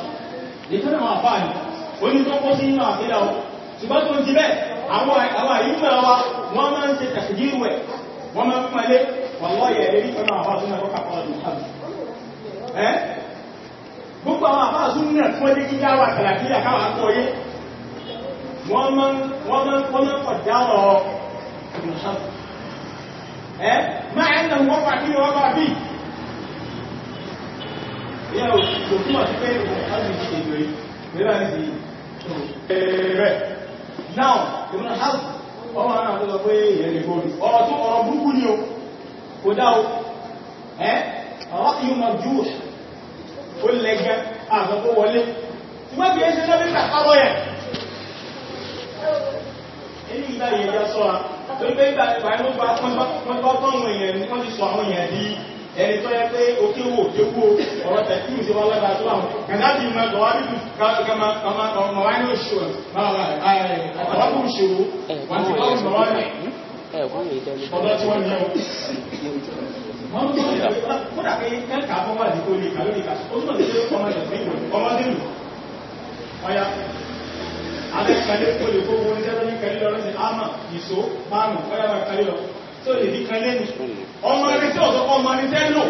ìtọ́nà àwọn àbáà ní onítọ́pọ̀ sí nínú àfílà ọ̀ ṣùgbọ́n tó ti bẹ́ àwọn àyíkọ̀ wa wọ́n máa ń ṣe tàṣìdírù ẹ̀ wọ́n máa ń pàlé wọ́n lọ́yẹ̀ ẹ̀rí tọ́nà àbáà tó náà gbogbo àwọn àbá súnmọ̀ fún ẹjẹ́ kí dáwà tàlàkíyà káwà kó wọ́n mọ́ kọ̀dáwọ̀ ẹ́ máa ẹ̀nà wọ́n wà wọ́n bá bí yẹ́ ọ̀rọ̀ burúkú ni ó kò dáwó ẹ́ ọ̀rọ̀ ìyọ̀mọ̀ jùúṣ ó lẹ́gán àtọ́kó wọlé ṣùgbọ́n bí i ṣe lọ́bí kàkọ́rọ̀ ẹ̀ inú ìgbà yẹ̀ yẹ sọ́ra torí pé ìgbà ìgbà inú bá wọ́n bá tọ́rùn èèyàn ní wọ́n ti sọ àwọn èèyàn bí ẹni tó yẹ pé òkè wò òkè wò ọ̀rọ̀ tẹ̀kí ìṣe wọn lọ́dà tó àwọn kàdá ti mọ ọ̀wá nínú kama kama ọmọ wa ní oṣù ọ̀wá kò ṣòro wọn ti kọ́ ọ̀wá ní ọ̀dọ́ tí wọ́n ní ẹ̀wọ̀n wọ́n tó ń bẹ̀rẹ̀ kódà pé kẹ́kà fọ́mà àti kò lè kà lórí ìkà ó túnmọ̀ sí pé ọmọ ìjọba ìwọ̀n ọmọ nínú ọya alẹ́kàlẹ́ kò lè kó wọn jẹ́ lọ́ní kẹlẹ́ lọ́rọ́ sí àmà ìṣó márùn ọya máa kẹlẹ́ lọ tó lè ní kẹlẹ́ ní ọmọ rẹ̀ tí ọ̀sọ́ ọmọ rẹ̀ tẹ́ lò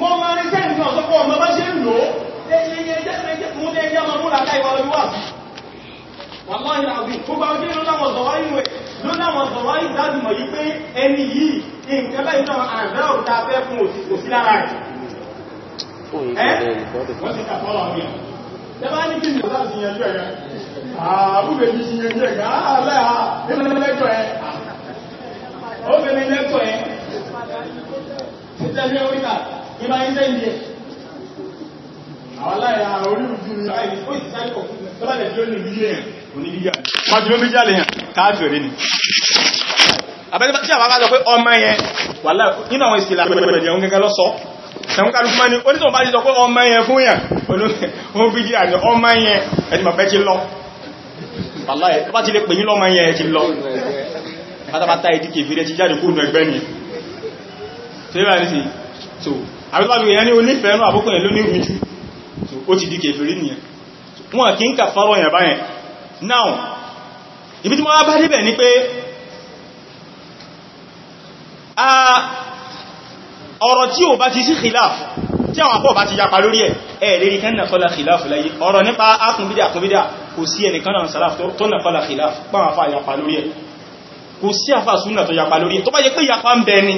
mọ́ ọmọ rẹ̀ tẹ́ ní ọ̀sọ́ ọmọ bá ṣe ń lò ó wàláhì àbí gbogbo àwọn jẹ́ lọ́nà wọn sọ̀rọ̀ ìwẹ̀ lọ́nà wọn sọ̀rọ̀ ìdádùmọ̀ yí pé ẹni yìí nǹkan báyìí náà àrẹ́ òta fẹ́ fún òsí lára rẹ̀ ẹ́ wọ́n ti tàbọ́lọ̀ mi lẹ́bàá ní kí ni ọ̀dá sí yẹn jọ ẹ̀ àbúgbè ní sí yẹn jẹ́ ẹ̀gá aláà nínú lẹ́jọ́ ẹ̀ ah, ó fẹ́ mi lẹ́jọ́ ẹ̀ títẹ́lẹ́ oríta ìmá iṣẹ́ ìdíẹ̀ àwọn aláà orí ìjú ni ó ìsẹ́kọ̀ọ́ lọ́bàá lẹ́jọ́ ní ilé ẹ̀ oníbíyà wọ́n ti ló méjì àlèyàn káàkiri ni àbẹ́lẹ́bẹ́ tí àbábá sọ pé ọmọ yẹn wà láì nínú àwọn ìsìlẹ̀ àpẹẹrẹ òun gẹ́gẹ́ lọ́sọ ẹ̀hún kálukú mọ́ ní onítọ̀ bá ti sọ pé ọmọ yẹn fún yàn òun fi jí àjọ ọmọ yẹn ẹni mọ̀ fẹ́ ti lọ wàláì tó bá ti lè pè yín lọ́mọ yẹn ti lọ pátápátá ìdí kèfèrè ti jáde kúrò ẹgbẹ́ ni tó yẹ́ bá ní sí so àbẹ́tọ́bá ti yẹn ní onífẹ́ẹ́nú àbúkù yẹn ló ní ìrújú ó ti di kèfèrè nìyẹn wọn kì ń kà fọ́rọ̀ yẹn báyẹn now ibi tí mo wá bá débẹ̀ ni pé ọ̀rọ̀ tí ò bá ti sí khilaf tí àwọn àpọ̀ bá ti yapa lórí ẹ̀ ẹ̀ lérí kan náà kọ́lá khilaf láyé ọ̀rọ̀ nípa akùnbídà akùnbídà kò sí ẹnìkan náà sàlaf tó náà kọ́lá khilaf pàwọn àfà yapa lórí ẹ̀ kò sí àfà súnà tó yapa lórí ẹ̀ tó bá yẹ pé yapa ń bẹ ni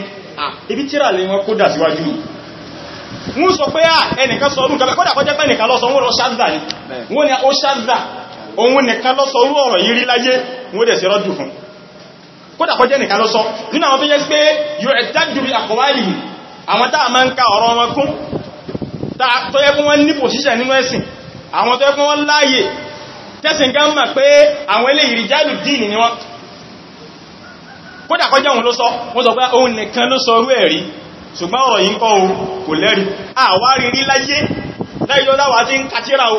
ibi tíra lè wọn kó dà síwájú sọ pé à ẹnìkan sọ ọdún kọ́dà kọjẹ́ pẹ́ nìkan lọ́sọ wọ́n lọ ṣáàdà ni wọ́n ni ó ṣáàdà òun nìkan ló sọ orú ọ̀rọ̀ yìí rí láyé wọ́n dẹ̀ sí rọ́dù fún kódà kọjẹ́ nìkan ló sọ nínú àwọn tó yẹ́ pé yóò ẹ̀dájú bí àkọwàlì àwọn táà máa ń ka ọ̀rọ̀ wọn kún ni wọ́n kódà kọjá òun ló sọ wọ́n sọ pé òun nìkan ló sọ orú ẹ̀rí ṣùgbọ́n ọ̀rọ̀ yìí kọ́ o kò lẹ́rí àwárí rí láyé láyé lọ́láwà tí ń kàtírà o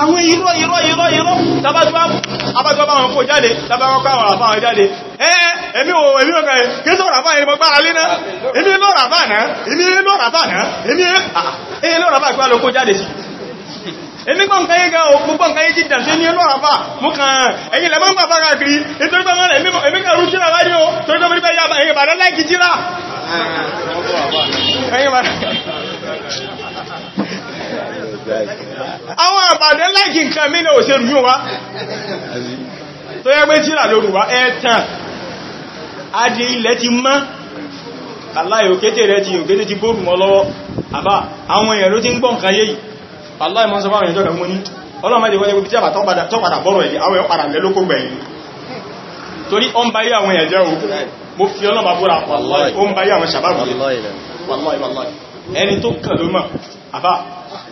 àwọn irọ́ irọ́ irọ́ irọ́ tàbájúwá wọn kò jáde tàbájúwá wọn ràbá wọn jáde ẹ́ èmi ò èmi ò kẹ́ kí sọ ràbá ẹni mọ́gbára lé náà èmi lọ ràbá náà èmi lọ ràbá náà èmi lọ ràbá ìpínlẹ̀ kò jáde sí èmi kọ́ nǹkan yíga o gbogbo nǹkan yíjí dàn sí ní ẹlọ́ àfà mú kan ẹ̀yìn lẹ́mọ́ ń pàfà kàkiri nítorí pé mọ́rẹ̀ èmi kàrù jíra wá ní o torí tó mọ́rí pé ẹ̀yìn bàdán láìkì jíra àwọn àbàdẹ́ láìkì nǹkan mí náà òṣèlú yíò wá tó yẹ pé tíra lórí wá ẹ̀ẹ̀tàn adì ilẹ̀ ti mọ́ aláì òkété rẹ̀ ti òkété ti bóòrùn mọ́ lọ́wọ́ àbá àwọn èèyàn ló ti ń gbọ́n kan yé yìí aláì mọ́ sọfá àwọn ìjọ́ kan mú ní ọlọ́mọdé wọ́n jẹ́ pé tíra tọ́padà bọ́rọ̀ ẹ̀dì àwọn ọ̀padà lẹ́lókò gbẹ̀yìn torí ọ ń bá yí àwọn ẹ̀jẹ́ o mo fi ọlọ́mà búra ọ ń bá yí àwọn ṣàbábù ẹni tó kàn ló mọ̀ àbá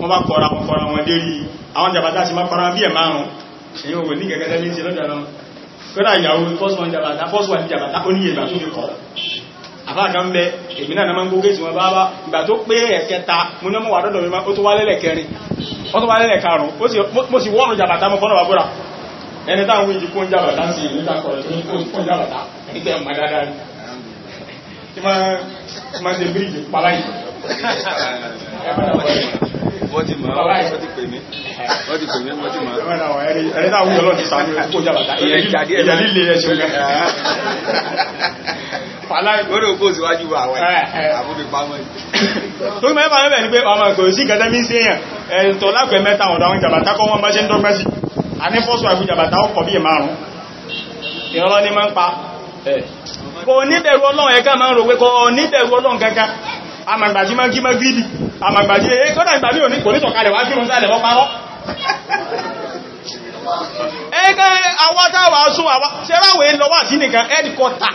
wọ́n bá kọ́ra kọ́ra wọn lérí àwọn jàbátá sí má kọ́ra bí ẹ̀ márùn èyí wọ́n ní gẹ́gẹ́ lẹ́yìn sí lọ́dọ̀ náà kọ́dà ìyàwó fọ́sùn jàbátá fọ́sùn àti jàbátá ó ní ìgbà tó fi kọ́ àfáàkà ń bẹ èmi náà máa ń gbógé tí wọ́n bá bá ìgbà tó pé ẹ̀kẹta mú náà mọ́ wà dọ́dọ̀ mímá ó tó wá lẹ́lẹ̀ kẹrin ó tó wá lẹ́lẹ̀ karùn-ún mo sì wọ́rùn jàbàtà mọ́ fọ́nà wàbúrà ẹni táwọn wíjì kún jàbàtà sí ìrìnlẹ́kọ̀ọ́ tó ń kún jàbàtà ìgbẹ̀ mọ̀ dáadáa tí máa ń ṣe bíríjì pàlá wọ́n ti máa wọ́n ti pè mí wọ́n ti pè mí wọ́n ti máa. ẹni náà wúlò lọ́ọ̀tì sáré kó jàbàtà mẹ́fà mẹ́fà ní pé ọmọ kò sí kẹta ní sí èèyàn ẹ̀yìn lápẹ̀ mẹ́ta ọ̀dọ̀ àwọn jàbàtà kọ́ wọn bá ṣe ń dọ́gbẹ́ sí a ní fọ́sù àbú jàbàtà ọkọ̀ bí márùn-ún amàgbàjí máa gí magribi amàgbàjí èé eh, kọ́nà ìgbàmí òní kò ní tọ̀kalẹ̀ wá kírùn sálẹ̀ wọ́n parọ́ ẹgbẹ́ [LAUGHS] eh, awátáwà sún àwá sẹ́ráwẹ̀ lọ́wà sí nìkan ẹ́dìkọta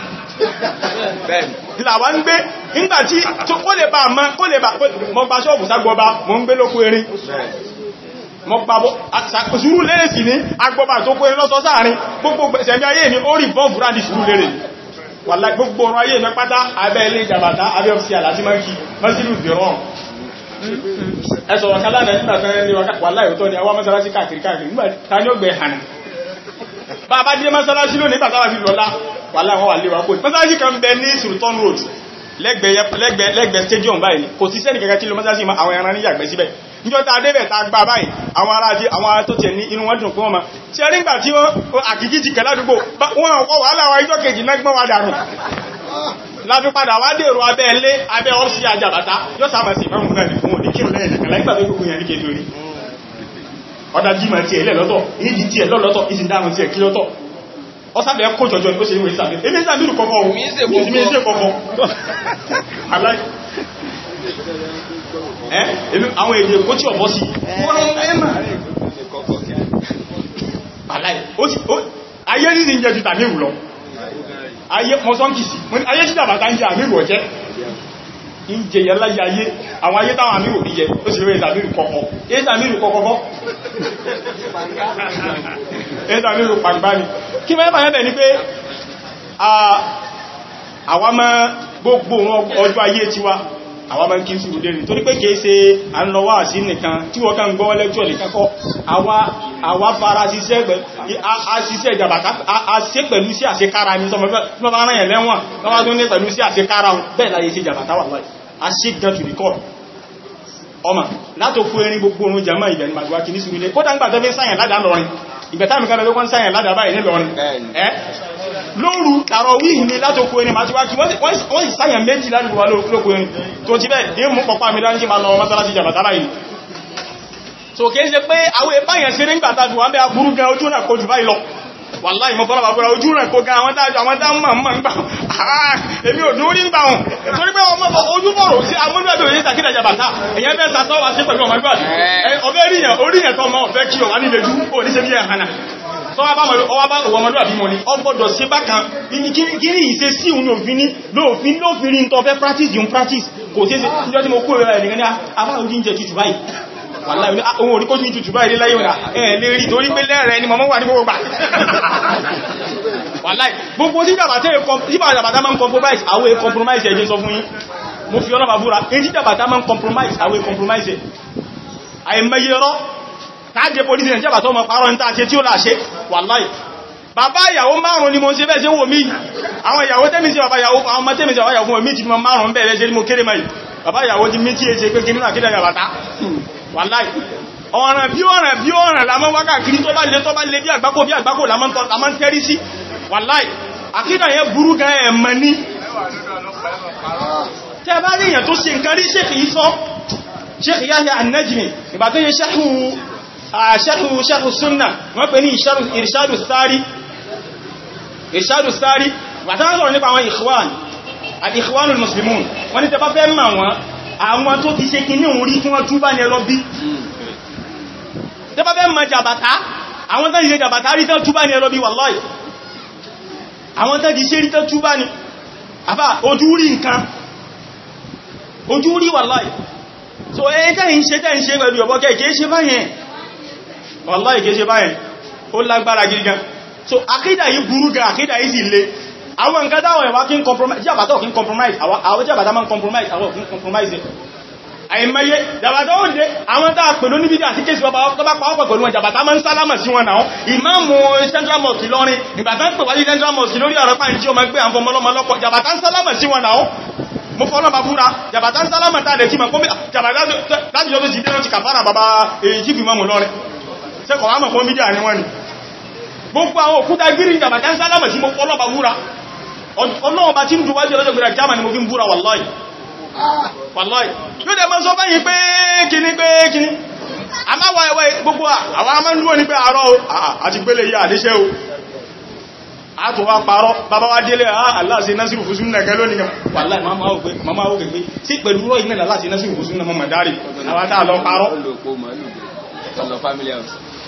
ìlàwà ń gbé ńgbàtí kó lè bá mọ́ kó lè bá mọ́ gbogbo wàlá gbogbo ọ̀rọ̀ ayé mẹ́ pátá abẹ́ ilé ìjàbàtá abẹ́ ọ̀fíì àlájí máa ń kí mọ́sílù ìbìrán ẹsọ̀rọ̀ kálánà nígbà tán ní wàlá ìrútọ́ ni àwọn mọ́sálásí káàkiri káàkiri nígbà tá ní ọgbẹ̀ hànà bá bá dé mọ́sálásí lónìí tàbí fi lọ́lá wàlá àwọn wà léwà kóòtù mọ́sálásí kan bẹ ní Sultan Road lẹ́gbẹ̀ẹ́ stadium báyìí kò sí sẹ́nì kẹ́kẹ́ tí lo mọ́sálásí níjọ́ta adébẹ̀ ta gba báyìí àwọn ará ajé àwọn ará tó tẹ̀ ní inú wọn dùn fún ọmọ tí ẹ nígbà tí wọ́n àkìkí jìkẹ́ ládùúgbò wọn ọkọ̀ wàhálà wa ìjọ́ kejì náà gbọ́n wa dànù láti padà wá dèrò abẹ́ ilé abẹ́ ọ́sí ajàbàtà yóò sábà sí ìfẹ́ múnà nìkan òní kí òlẹ́ ẹ̀nìkan láìpẹ́ tó gbogbo yẹn ní kejì orí ọ̀dá jíma tí ẹ̀ lọ́tọ̀ ìdí tí ẹ̀ lọ́lọ́tọ̀ ìsìndáhùn tí ẹ̀kọ́ jọjọ ìgbésẹ̀ ìwé ìsàbẹ̀ èmi ìsàbẹ̀ ìrù kọ̀kọ̀ àwọn èdè kó tí ọ̀bọ́ sí ayé ní ìjẹ́ jù tàbí ìrù lọ ayé mọ́sánpìsì ayé tí dàbàtà ń jẹ àmì ìrù ọ̀jẹ́ ń jẹ yẹláyé ayé àwọn ayé táwọn àmì òbí jẹ ó sì rẹ̀ ìsàmìrù kọ̀kọ̀ ìsàmìrù kọ̀kọ̀kọ́ ìsàmìrù pàgbáni kí mẹ́ bàyẹ́ bẹ̀ ní pé àwọn gbogbo ọjọ́ ayé tiwa àwọn máa ń kí sí ìrùdé rẹ̀ torí pé kìí ṣe ànlọ́wọ́ àṣí nìkan tí wọ́n kàn gbọ́ lẹ́jọ́ nìkan kọ́ àwa fara ṣiṣẹ́ ìjàbàtà àṣẹ pẹ̀lú sí àṣekára ní sọmọ ọmọ látò fún erin gbogbo orun jama ìdẹ̀ ìmàgbà kìí sí ilé kódà ń gbà tẹ́fẹ́ sáyẹ̀ ládàá lọ́rin ìgbẹ̀tàmì kan lọ́wọ́ sáyẹ̀ ládàá báyìí nílọ́rin ẹ́ lóòrù tààrọ wíì ní látòkò ẹni máa ti wá kí wọ́n sì sáyẹ̀ méjì ládùgbò wà lóòkò ẹni tó ti bẹ́ẹ̀ dé mú pọ̀pá mi láti máa lọ mọ́sálásí jàbàtàrà yìí so kìí ṣe pé àwọn ìbáyàn sí nígbà tàbí wọ́n bẹ́ aburú gan ojú náà kojú báyìí lọ wàláì mọ́ fọ́nà bàbúrà ojú rẹ̀ kó ga àwọn dájú àwọn dá mọ̀ mọ̀ ń gbà ah, èmi ò dúró ní gbà wọn torí pé ọmọ ojú bọ̀rọ̀ sí amúnúwẹ́dọ̀ yìí tàkídà jàbàtà èyàn bẹ́ sàtọ́wà sí pẹ̀lú ọmọ ìgbà ọ̀fẹ́ ríyàn oríyàn tọ́ mọ́ ọ̀fẹ́ kí ọ̀wá nílẹ̀ jú òní ṣe bí ẹ̀hànà ọwọ́mọlúwàbí mọ́ ni ọgbọ́dọ̀ ṣe bákan ní kírí ìṣe sí òun òfin ní lóòfin lóòfin rí tó fẹ́ practice yun practice kò tí ṣe ìjọ́ tí mo kó ẹ̀rẹ̀ nìkan ní àbáwọn oúnjẹ tútù báyìí wàláhí ohun orí ah, kó ní tútù báyìí láyé ọ̀nà ah, ẹ̀ lè rí torí pé lẹ́rẹ̀ ni mọ̀mọ́ wà ní gbogbo gbà [LAUGHS] wàláhí gbogbo tí bàbàtà máa ń compromise àwọn èè compromise ẹ̀jẹ́ sọ fún yín mo fi ọlọ́bàbúra èyí tí bàbàtà máa ń compromise àwọn èè compromise ẹ̀ àìmẹ́yẹrọ láàájẹ́ polisi nàìjíríà tó mọ̀ parọ́ ní tàṣe tí ó láṣe wàláì bàbá ìyàwó márùn ni mo ṣe bẹ́ẹ̀ ṣe wò mí àwọn ìyàwó tẹ́mìsí bàbá ìyàwó àwọn ọmọ tẹ́mìsí bàbá ìyàwó mi ti mọ márùn bẹ̀rẹ̀ ṣe mo kéré mai bàbá ìyàwó ti mí tí èṣe pé kìnnà kí lẹ́yà bàtá wàláì ọ̀ràn bí ọ̀ràn bí ọ̀ràn lámọ́ wákàkiri tó bá lè tó bá lè bí àgbákò bí àgbákò lámọ́ tẹ́rí sí wàláì àkídà yẹn burú gan ẹ̀mọ̀ ní tẹ́ bá rí èèyàn tó ṣe nǹkan rí ṣèkì ìsọ́ ṣèkì yáyà annajmi ìbà tó yẹ ṣẹ́kù Ah, sharhu sharhu sunna wọ́n pè ní irshadu sari irshadu sari wàtán sọ̀rọ̀ nípa àwọn ikhwan àti ikhwanul muslimun wọ́n ní tẹbá fẹ́ mà wọ́n àwọn tó ti ṣe kìíní orí tí wọ́n túbá ní ẹlọ bí tẹbá fẹ́ mà jàbàtá àwọn tẹ́ ìṣe jàbàtá rí tẹ́ túbá ní ẹlọ so ẹ̀ tẹ́ ìṣe tẹ́ ìṣe pẹ̀lú ọ̀bọ̀kẹ́ ìkéṣe báyẹn wallahi kìí ṣe báyìí ó lágbára gidi gan so akídà yìí burú gan akídà yìí sì le àwọn nǹkan táwọn ẹ̀wà kí ń compromise tí àbátọ̀ kí compromise àwọn tí àbátá máa ń compromise àwọn kí ń compromise àìmọye jàbàtà ó dé àwọn tàà pẹ̀lú níbi àti kéèsì bàbá ọkọ̀bá pàwọ́pọ̀ pẹ̀lú wọn jàbàtà máa ń sálámà sí wọn náà ìmáàmù central mosque lọ́rin ìbàtà ń pè wáyé central mosque lórí ọ̀rọ̀ pàì tí ó máa gbé àwọn ọmọlọ́mọ lọ́pọ̀ jàbàtà ń sálámà sí wọn náà mo fọ́nà bá búra jàbàtà ń sálámà tàà lè tí sẹ́kọ̀ọ́ àmọ̀ fún mídíà ni wọ́n ni gbogbo àwọn òkúta gírí ìjàbàtà ń sálámà sí gbogbo ọlọ́ba búra ọlọ́ọ̀bá tí ń dù wájú ọlọ́jọ́ gbìyànjú àmà ni mo fi ń búra wallahi wallahi yóò dẹ̀ mọ́ sọ báyìí pé kíní pé kíní a máa wà ẹwẹ́ gbogbo àwọn a máa ń dúró ní pé àárọ̀ àti gbélé yà àdíṣẹ́ o a tó wá parọ́ bàbá wá délé ah, Allah ṣe násìrì fúsún náà gẹ́lọ́ nìyàn wallahi máa wó kègbé sí pẹ̀lú rọ́ ìmẹ́lẹ̀ Allah ṣe násìrì fúsún náà mọ̀ mọ̀ dárì àwọn tàà lọ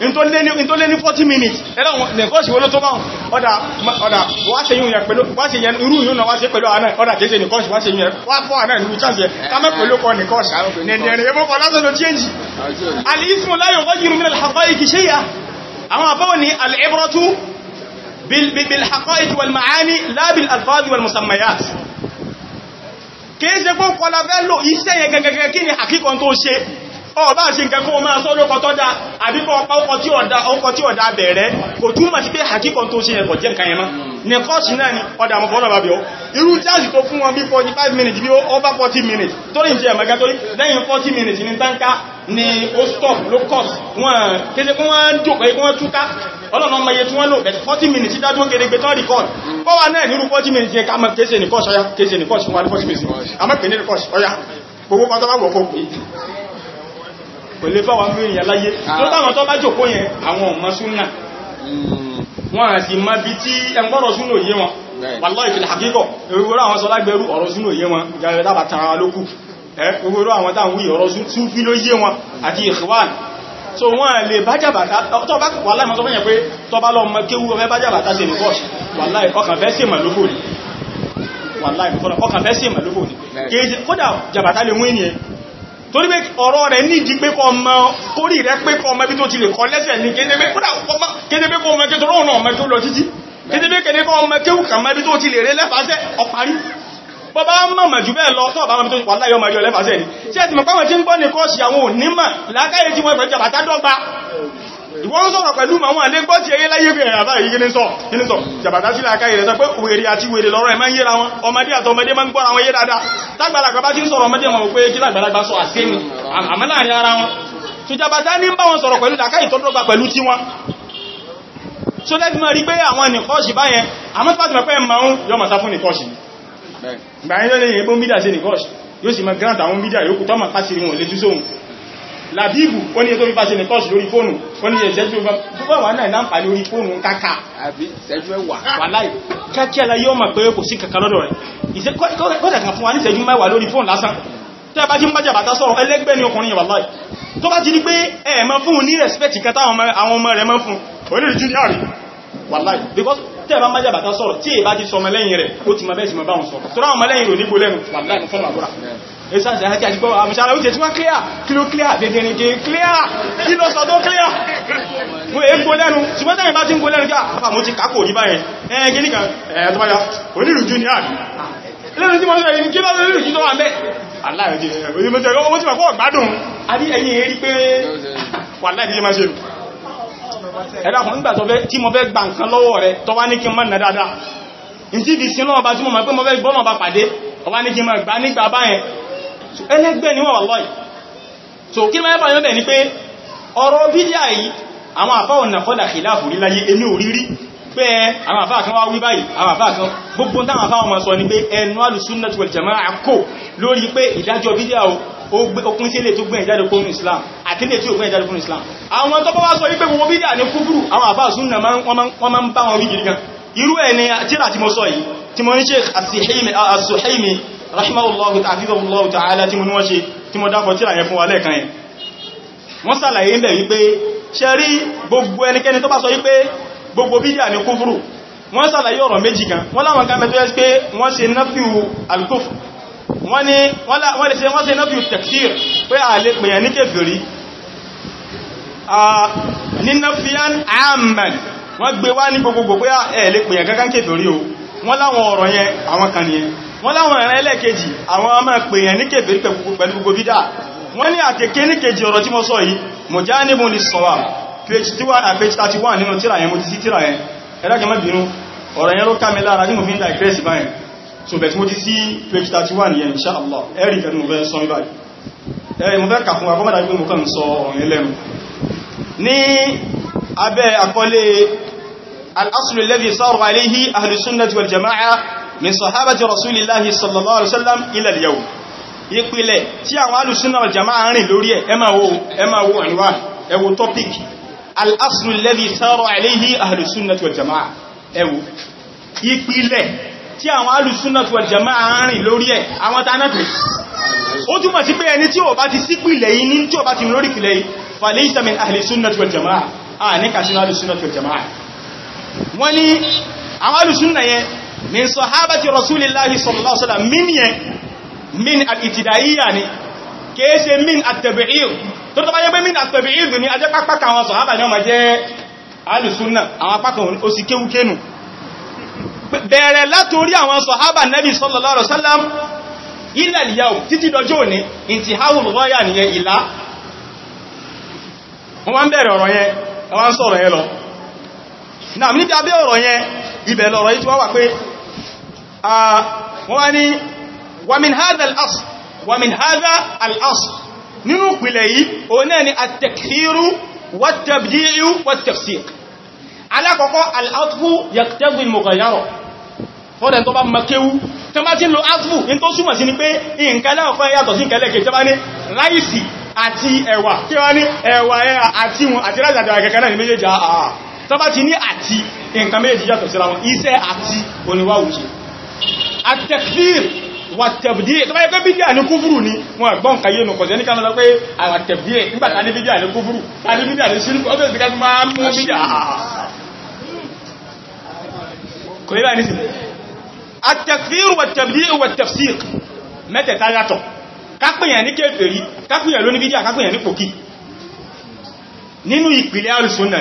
in tó lé ní 40 minutes ẹ̀rọ nẹ̀kọ́ṣì wọ́n tó báhùn ọ̀dà wá ṣe yún yẹn pẹ̀lú wá ṣe yẹn irú yún náà wá ṣe pẹ̀lú àná ọ̀dà kéṣe nìkọ́ṣì wá ṣe yún yẹn wá fọ́ àná ìlú chance yẹn bil bil-alfaz wal-musammayat kìí ṣe fún kọlá fẹ́ lò iṣẹ́ yẹn gẹ́gẹ́gẹ́ kí ni àkíkọ́ tó ṣe ọba ṣe nǹkan kó máa sọ lókọ tó dá àbíkọ ọkọ̀ tí ọ̀dá ọkọ̀ tí ọ̀dá bẹ̀rẹ̀ kò túnmọ̀ sí pé àkíkọ̀ tó ṣe ẹ̀kọ̀ jẹ́ nǹkan ẹ̀mọ́ nìkọ́ṣì náà ni ọdá àmọ́ fọ́nà bàbí ọ irú jáàsì tó fún wọn bí 45 minutes bí over 40 minutes tó rí jẹ́ ẹ̀mẹ́gá tó lẹ́yìn 40 minutes ní tánkà ni ó stop ló kọ́s wọn kéde kún wọ́n jò pé kún wọ́n túká ọlọ́nà ọmọ iye tí wọ́n lò bẹ̀ẹ̀ 40 minutes dájú gẹ́gẹ́ tán record bọ́wà náà nírú 40 minutes yẹ ká mọ̀ kése nìkọ́ṣ ọya kése nìkọ́ṣ fún wa ní 40 minutes àmọ́ pè ní nìkọ́ṣ ọya gbogbo pátọ́bá wọ̀kọ́ pé kò lè bá wa mú èèyàn láyé tó ah. táwọn tó bá jòkó yẹn àwọn ọmọ súnà wọn àti ma bí tí ẹgbọ́rọ̀ súnà òye wọn wallahi fil haqiqa ewúrọ àwọn sọ lágbẹ̀rú ọ̀rọ̀ súnà òye wọn jàrẹ̀ dábà tara lókù ewúrọ àwọn táwọn wí ọ̀rọ̀ súnfí ló yé wọn àti ikhwan so wọn lè bájàbàtà tó bá wà láì mọ́ sọ fẹ́yẹ̀ pé tó bá lọ mọ́ kéwú ọmọ bájàbàtà se nìkọ́ṣì wà láì ọkàn fẹ́ sí màlúkò ní wà láì ọkàn fẹ́ sí màlúkò ní kódà jàbàtà lè mú ènìyàn torí pé ọ̀rọ̀ rẹ̀ nídi pé kọ ọmọ kórì rẹ̀ pé kọ ọmọ ibi tó ti lè kọ lẹ́sẹ̀ ní kéde kọ ọmọ kéde rọ́ọ̀nà ọmọ tó lọ títí kéde pé kéde kọ ọmọ kéwù kàmọ́ ibi tó ti lè rẹ̀ lẹ́fàáṣẹ́ ọparí bọ́bá mọ̀mọ̀ jù bẹ́ẹ̀ lọ tọ́ọ̀bá mọ̀ tó wà láyọ mọ̀rí ọlẹ́fàáṣẹ́ ni sí ẹ̀sìn mọ̀páwọn tí ń gbọ́ ní kọ́ọ̀ṣì ìwọ́n ń sọ̀rọ̀ pẹ̀lú àwọn àlégbọ́ ti ẹyẹ láyé fẹ́rẹ̀ àbá yìí ní sọ ní sọ jàbàtà sí làákà ìrẹsọ pé wèrè àti wèrè lọ́rọ̀ ẹ̀ máa ń yẹra wọn ọmọdé àti ọmọdé máa ń gbọ́ra wọn yé dáadáa tágbàlagbà bá ti ń sọ̀rọ̀ ọmọdé wọn pé kí lágbàlagbà sọ àṣẹ́mi àmọ́ láàrin ara wọn so jàbàtà ní ń bá wọn sọ̀rọ̀ pẹ̀lú làákà ìtọ́dọ́gba pẹ̀lú tí wọn so lẹ́bí mọ́ rí pé àwọn nìkọ́ọ̀ṣì báyẹn àmọ́ tí pàtàkì pẹ́ ma ń yọ màsá fún nìkọ́ọ̀ṣì gbàyẹn lẹ́yìn ebó mídà sí nìkọ́ọ̀ṣì yóò sì mọ́ grant àwọn mídà yóò kù tọ́ màkásí rí wọn lè tú sóhun làbíbù ó ní ètò ìfàṣẹ nìkọ́sù lórí fóònù ó ní ìṣẹ́jú gbogbo wà náà láǹfà lórí fóònù káàkà àbí ìṣẹ́jú ẹwà ah. wà láì káàkì aláyé ọmọ pé kò sí kàkà lọ́dọ̀ rẹ̀ kọ́dàkà fún wa ní ìṣẹ́jú mẹ́wàá lórí fóònù lásán tó bá ti ń bájà bàtà sọ̀rọ̀ ẹlẹ́gbẹ́ ni ọkùnrin yẹ̀wà láì tó bá ti ní pé ẹ mọ́ fún ní rẹ̀spẹ̀tì kẹta àwọn ọmọ rẹ̀ mọ́ fún orílẹ̀ júnior rẹ̀ wà láì because tẹ́ bá bájà bàtà sọ̀rọ̀ tí èbá ti sọmọ lẹ́yìn rẹ̀ ó ti mọ bẹ́ẹ̀ sí mọ báwọn sọ̀rọ̀ tó ráwọn mọ lẹ́yìn rò nígbò lẹ́nu wà láì fọ́nà àbúrà ẹ̀sán ṣe àti àjíkọ́ àmìṣàrà ó tẹ̀ tí wọ́n clear kí ló clear gẹ̀gẹ̀rẹ̀gẹ̀ clear kí ló sọ tó clear mú ègbò lẹ́nu ṣùgbọ́n tẹ́yìn bá ti ń gbò lẹ́nu káà mo ti kàkò ní báyẹn ẹgbẹ́ nìkan ẹ̀ẹ́dọ́báyá onírùjú ní àbí lẹ́nu tí wọ́n sọ ìrìn kí lọ́dọ̀ onírùjú tó wà mẹ́ aláìrẹ́jẹ́ ẹ̀rẹ́ mo ti mọ̀ kọ́ gbádùn àbí ẹ̀yìn èrí pé wà láìdíje máa ṣe rù ẹ̀dá fún nígbà tí mo fẹ́ gba nǹkan lọ́wọ́ rẹ̀ tọ́wá ní kí n mọ́ nà dáadáa ìtí ìdí sí náà bá tí mo mọ̀ pé mo fẹ́ gbọ́nà bá pàdé ọwá ní kí n mọ̀ gbá nígbà báyẹn ẹlẹ́gbẹ́ ni wọ́n wà lọ́yìn so kí máa bá yọ́ bẹ̀ ni pé ọ̀rọ̀ bídíà yìí àwọn àfá ọ̀nà kọ́dà kìláàfù rí láyé èmi ò rírí pé àwọn àfá kan wá wí báyìí àwọn àfá kan gbogbo táwọn àfá ọmọ sọ ni pé ẹnu alùsúnnàtù wal jama'a kò Islam àti ilé tí ó gbẹ̀yìn Islam àwọn tó bá wá sọ wípé gbogbo bídíà ní kúfúrù àwọn àfá súnnà wọ́n máa ń bá wọn rí gidi gan irú mo ń ṣe àṣìhìmì rahimahullahu ta'afizahullahu ta'ala tí mo ní wọ́n ṣe tí mo dákọ̀ tíra yẹn fún wa lẹ́ẹ̀kan yẹn wọ́n sàlàyé ń bẹ̀ wípé ṣe rí gbogbo ẹnikẹ́ni tó bá sọ wípé gbogbo bídíà ni kúfúrù wọ́n sàlàyé ọ̀rọ̀ méjì kan wọ́n láwọn kan mẹ́tọ́ pé wọ́n a lè pèyàn ní kèfèrí ní nafiyan amman wọ́n gbé wá ní láwọn ọ̀rọ̀ yẹn àwọn kan nìyẹn wọ́n láwọn ẹ̀rẹ́ ẹlẹ́kejì àwọn ọmọ pèèyàn ní kèfèrí pẹ̀lú gbogbo bídá wọ́n ní àkèké ní kejì ọ̀rọ̀ tí mo sọ yìí mo já ní mo ní sọ̀wà page 31 uh, nínú tíra yẹn mo ti sí tíra yẹn ẹ̀rẹ́gẹ̀ mẹ́bìnú ọ̀rọ̀ yẹn ló ká mi lára ní mo fi ń digress báyẹn so bẹ̀tí mo ti sí page 31 yẹn insha Allah ẹ̀rì al-aslu alladhi saru alayhi ahlus sunnah wal jamaa'ah min sahabati rasulillahi sallallahu alaihi wasallam ila al-yawm ìpìlẹ̀ tí àwọn alùsùnà jama'a rìn lórí ẹ̀ ẹ máa wo ẹ máa wo àríwá ẹ wo topic al-aslu alladhi sara alayhi ahlùsùnà wal jama'a ẹ wo ìpìlẹ̀ tí àwọn alùsùnà wal jama'a rìn lórí ẹ̀ àwọn tánàtì ó túnmọ̀ sí pé ẹni tí ó bá ti sípìlẹ̀ yìí ní tí ó bá ti lórí pìlẹ̀ yìí falaysa min ahlùsùnà wal jama'a à ní kàṣínà alùsùnà wal jama'a wọ́n ní àwọn alùsùnà min sahabati rasulillahi sallallahu alaihi min a min al ni ke se min at-tabi'ir tó tó min at-tabi'ir ni aje papa wọn sahaba ni ma jẹ́ ahlus sunnah àwọn papa kan kenu bẹ̀rẹ̀ látorí àwọn sahaba nabi sallallahu alaihi wasallam ila al-yawm ni ghaya ni ila lọ wọ́n ni wàmìn hádà al'asù wàmìn hádà al'asù nínú pìlẹ̀ yìí o náà ni àtẹ̀kìrú wàtàbíyíu wàtàfsík alákọ̀ọ́kọ́ al'atfu yàtàbíl mọ̀kànyarọ̀ fọ́dẹ̀ tó bá makéwú tó bá ti lo atfu in tó súnmọ̀ sí ni pé nǹkan láàkọ́ yàtọ̀ sí nǹkan lẹ́kẹ̀ẹ́ tó bá ní ráìsì àti ẹ̀wà kí wá ní ẹ̀wà ẹ̀ àti wọn àti ráìsì àti àtẹ̀fíìr wà tẹ̀bdíẹ̀ tó bá yẹ pé bídíà ní kúfùrù ní wọn àgbọ́n kàyé nù kọ̀sẹ̀ ní ká lọ pé àwọn tẹ̀bdíẹ̀ nígbàtà ní bídíà ní kúfùrù àti bídíà ní sírùkù ọdún ìsìnká tó máa mú bídíà kò yíba ní sí àtẹ̀fíìr wà tẹ̀bdíẹ̀ wà tẹ̀fsíìr mẹ́tẹ̀ta yàtọ̀ kápẹ̀yàn ní kèfèrí kápẹ̀yàn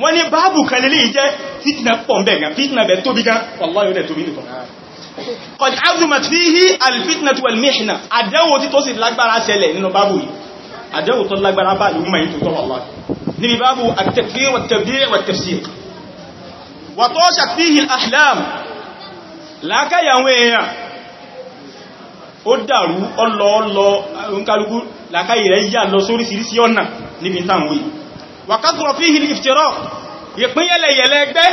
wọ́n ní báàbù kan lè jẹ́ fitna pọ̀ bẹ̀ gan fitna bẹ̀ tóbi gan wallahi yóò tóbi nìkan qad azumat fihi alfitnatu walmihna àdẹ́wò tí tó sì lágbára ṣẹlẹ̀ nínú báàbù yìí àdẹ́wò tó lágbára bá lè mọ̀ ètò tọ́wọ́ wallahi wàkàtùrọ̀ fi hìlì ìfìtìrọ̀ ìpínyẹlẹ̀ yẹlẹ̀ ẹgbẹ́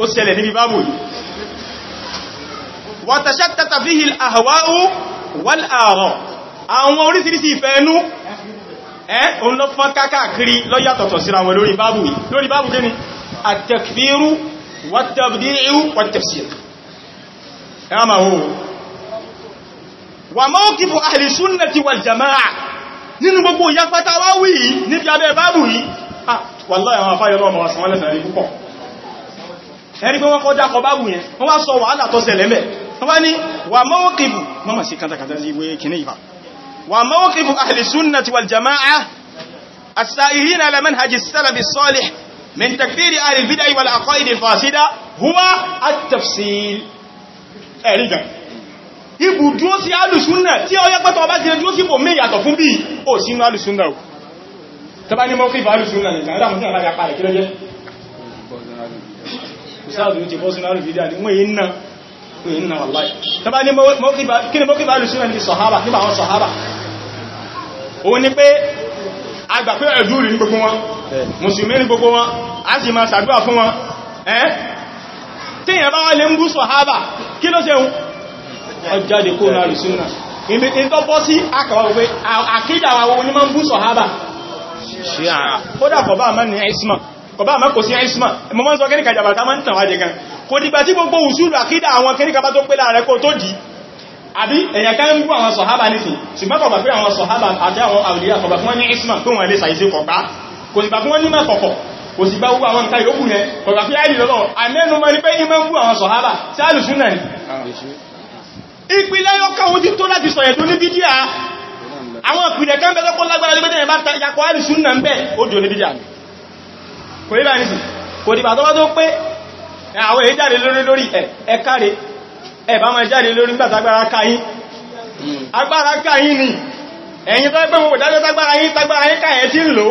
ó ṣẹlẹ̀ níbi bábù yìí wàtàṣàtàtà fi hìlì àhàwáhù wal àrọ̀ àwọn orísìírísìí ìfẹ́ ẹnú ẹ́ òun lọ fọ́n kákàkiri lọ́yàtọ̀tọ̀ síra wọn lórí bábù yìí lórí bábù kí ni àtẹ̀kfíru wàtàbdíru wàtàfsir ẹ ma wo wà abẹ́ bábù yìí Ah, wàláhì àwọn afáyọ náà ma wà sanwọ́lẹ̀ sàrí púpọ̀ ẹni pé wọ́n kọ́ dákọ̀ bá wùyẹn wọ́n wá sọ wàhálà tó ṣẹlẹ̀ mẹ́ wọ́n wá ní wà mọ́wọ́ kìbù mọ́mà sí kàtàkàtà sí ìwé kìíní ìbá wà mọ́wọ́ kìbù ahli sunnati wal jama'a as-sa'irina ala manhaji as-salaf as-salih min takfiri ahli al-bid'ah wal aqaid al-fasida tọ́bá ní mọ́kí ìfàálù súnà nìkan ẹ̀dà mọ́kí ọ̀lá yapa rẹ̀ kí lọ́jẹ́ ìsáàdù ti bọ́ súnà rìdíà ní wọ́n yìí náà wọ́n yìí náà wàláì tọ́bá ní mọ́kí ìfàálù súnà ní sọ̀hábà nípa àwọn sọ̀hábà òun ni pé àgbà pé ẹ̀dúrì ní gbogbo wọn mùsùlùmí ní gbogbo wọn a sì máa ṣàdúrà fún wọn ẹ́ tí èyàn bá wá lè ń bú sọ̀hábà kí ló ṣeun ọjáde kó náà rí ṣíà kódà kọ̀bá àmá ní isma kọ̀bá àmá kò sí isma mọ́ mọ́ sọ kíríkà jàbàtà máa ń tàn wájẹ gan kò dìgbà tí gbogbo usulu àkídà àwọn kíríkà bá tó pé láàrẹ kó tó dì àbí èyàn ká ń bú àwọn sọ̀hábà nìsìn ṣùgbọ́n kọ̀bà pé àwọn sọ̀hábà àti àwọn àwòlíyà kọ̀bà fún wọn ní isma pé wọn lè ṣàìsí kọ̀bá kò sì gbà fún wọn ní mẹ́kọ̀kọ̀ kò sì gbà wú àwọn nǹkan yòókù yẹn kọ̀bà pé àìlì lọ́lọ́ àmẹ́nu mọ́ ní pé yí mẹ́ ń bú àwọn sọ̀hábà sí àlùsúnnà ni ìpìlẹ̀ yọ́kọ̀ ohun ti tó láti sọ̀yẹ̀ tó ní bídíà àwọn ìpìlẹ̀ kan bẹ́ tọ́pọ̀ lágbára lé pẹ́tẹ̀ ìbáta yakọ̀ alìsún náà ń bẹ́ ó jò ní dídà ní kò ní bá ní sí kò dìbà tó bá tó pé àwọn èyí jáde lórí lórí ẹ̀káre ẹ̀bá máa jáde lórí gbàtagbára káyín ni ẹ̀yin tó pẹ́ mọ̀ dájọ́ tagbára yín tagbára yín káyẹ̀ tí ń lò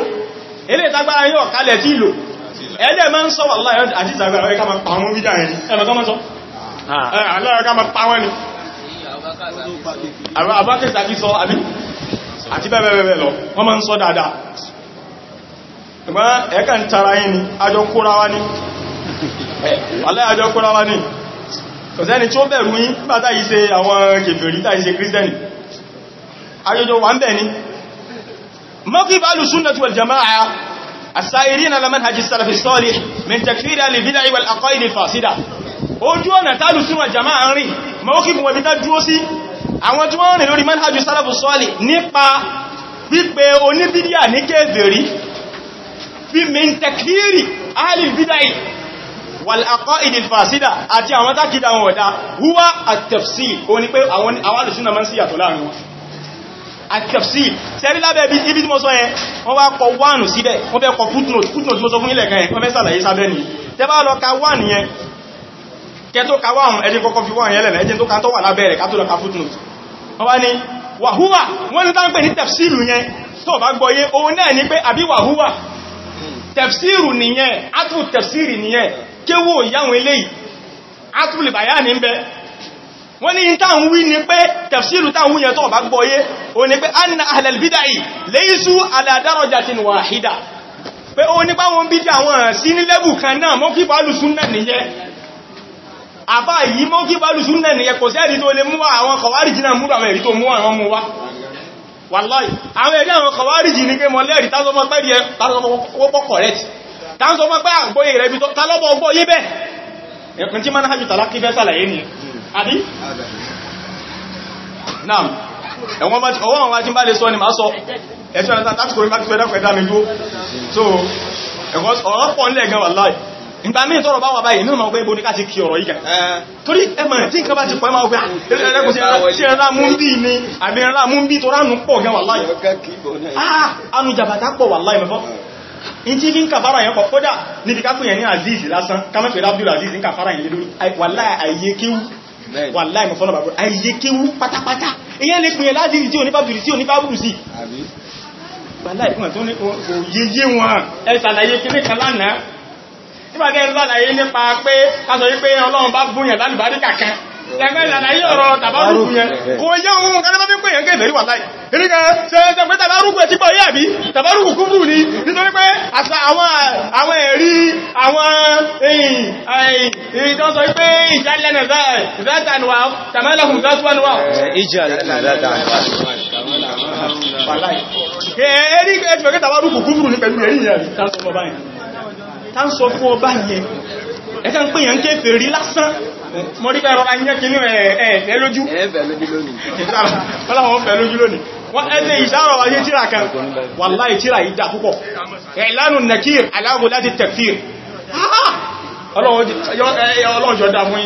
ilé tagbára yín ọ̀kalẹ̀ tí lò ẹlẹ́ máa ń sọ wà láyọ́ àti tagbára yín ká máa pàwọn wíjà yẹn ẹ̀mọ̀ká máa sọ ah. àlọ́ ẹ̀ká sọ àbí àti bẹ́ẹ̀bẹ́ẹ̀ lọ wọ́n máa ń sọ dáadáa ṣùgbọ́n ẹ̀ẹ́kà ń tara yìí ni ajọ kóra wá ní alẹ́ ajọ kóra wá ní kọ̀sẹ́ni tí ó bẹ̀rù yín bátá yìí ṣe àwọn kèfèrí táyìí ṣe kírísítẹ́nì ajọjọ wà ń bẹ̀ ni mọ́kí bá lù sunnah wal jama'a as-sairina ala manhaji as-salaf as-salih min takfiri al-bid'i wal aqaid al-fasida ojú ọ̀nà tálù sunnah jama'a ń rìn mọ́kí bùnwẹ̀bí tá dúró sí àwọn tí wọ́n rìn lórí manhajjú sálàfù sọ́ọ̀lì nípa pípe oníbídíà ní kéèbèrí fi mintakiri alìbídáì wàlàkọ́ ìdìlfàsídà àti àwọn tákìdà wọn wọ̀dá wúwá àtẹ̀fsí o ní pé àwọn alùsúnà máa ń síyàtọ̀ láàrin wọn àtẹ̀fsí tẹ́rí lábẹ́ ibi tí mo sọ yẹn wọ́n wá kọ wánù síbẹ̀ wọ́n fẹ́ kọ footnote footnote mo sọ fún ilẹ̀ kan tó ka wánù lábẹ́ rẹ̀ ká tó footnote wọ́n ni wàhúwà wọ́n ní tán pè ní tafsiru yẹn tó bá gbọ́yé òun náà ní pé àbí wàhúwà tafsiru nìyẹn atúlù tafsiri nìyẹn kéwò ìyáwọn eléyìí atúlù bàyá ní ń bẹ wọ́n ní táwọn wí ní pé tafsiru táwọn wí yẹn tó bá gbọ́yé òun ní pé anna àbá yìí mọ́ kí bá lùsùn náà nìyẹ kò sẹ́ẹ̀rí tó lè mú àwọn kọ̀wárìjì náà múrò àwọn èrí tó mú àwọn mú wá wàláì àwọn èrí àwọn kọ̀wárìjì ní pé mọ̀lẹ́rì tásọmọ́ pẹ́ rí ẹ tásọmọ́ correct tásọmọ́ pẹ́ àgbóyè rẹ̀ bí tálọ́bọ̀ ọgbọ́ yé bẹ́ ẹ̀kùn tí máa hajjù tàlákí fẹ́ sàlàyé ni àbí náà ẹ̀wọ́n wá tí bá lè sọ ni máa sọ ẹ̀ṣọ́ ẹ̀ṣọ́ ìgbà mí tọ́rọ bá wà báyìí nínú ọgbẹ́ ibo ní ká ti kí ọ̀rọ̀ yìí kẹ́ torí ẹmọ̀ tí nǹkan bá ti pọ̀ ẹmọ̀ ọgbẹ́ ẹlẹ́gbẹ̀ẹ́ sí ẹ̀rẹ́lá mú ń bí ní àbí ẹ̀rẹ́lá mú ń bí tó ránù pọ̀ gan wàláì ánú ah, jàbàtà pọ̀ wàláì mẹ́fọ́ in ti fi ń kàfàrà yẹn pọ̀ kódà níbi ká pèyàn ní aziz lásán kámẹ́fẹ́ abdul aziz ń kàfàrà yẹn lórí wàláì àyè kéwú wàláì mọ̀fọ́nà bàbá àyè kéwú pátápátá ìyẹn lè pèyàn láti tí nígbàtẹ́ ìlànàyé nípa pé kásọ wípé ọlọ́run bá búyàn lálùbárí kàkan ẹgbẹ́ ìlànàyé ọ̀rọ̀ tàbárùkù yẹn kò yẹ́ ohun kan lọ́bí pé yẹn kẹ́ ìbẹ̀rí wà láì ìrìnkà ṣẹ́ẹ̀ṣẹ́ pé tàbárùkù ẹ̀ ti pọ̀ yàbí tàbárùkù kúrù ní nítorí pé àwọn ẹ̀rí àwọn èyí ìjọ́sọ wípé ìjálẹ́nà zátànwà tàmálàkùn zátànwà ìjálẹ́nà zátànwà ta ń sọ fún ọba yẹn ẹ̀kẹ́ ń pè yàn kéfèé rí lásán mọ́ rí kẹrọ ayẹ́ kínú ẹ̀ẹ̀fẹ́ lójú [LAUGHS] wọ́n ẹgbẹ́ ìṣàrọ̀ ayé tíra kan wàláì tíra ìdá púpọ̀ ìlànà nàkír aláàbò láti tẹ̀fír ọlọ́ọ̀jọ́ dámúyí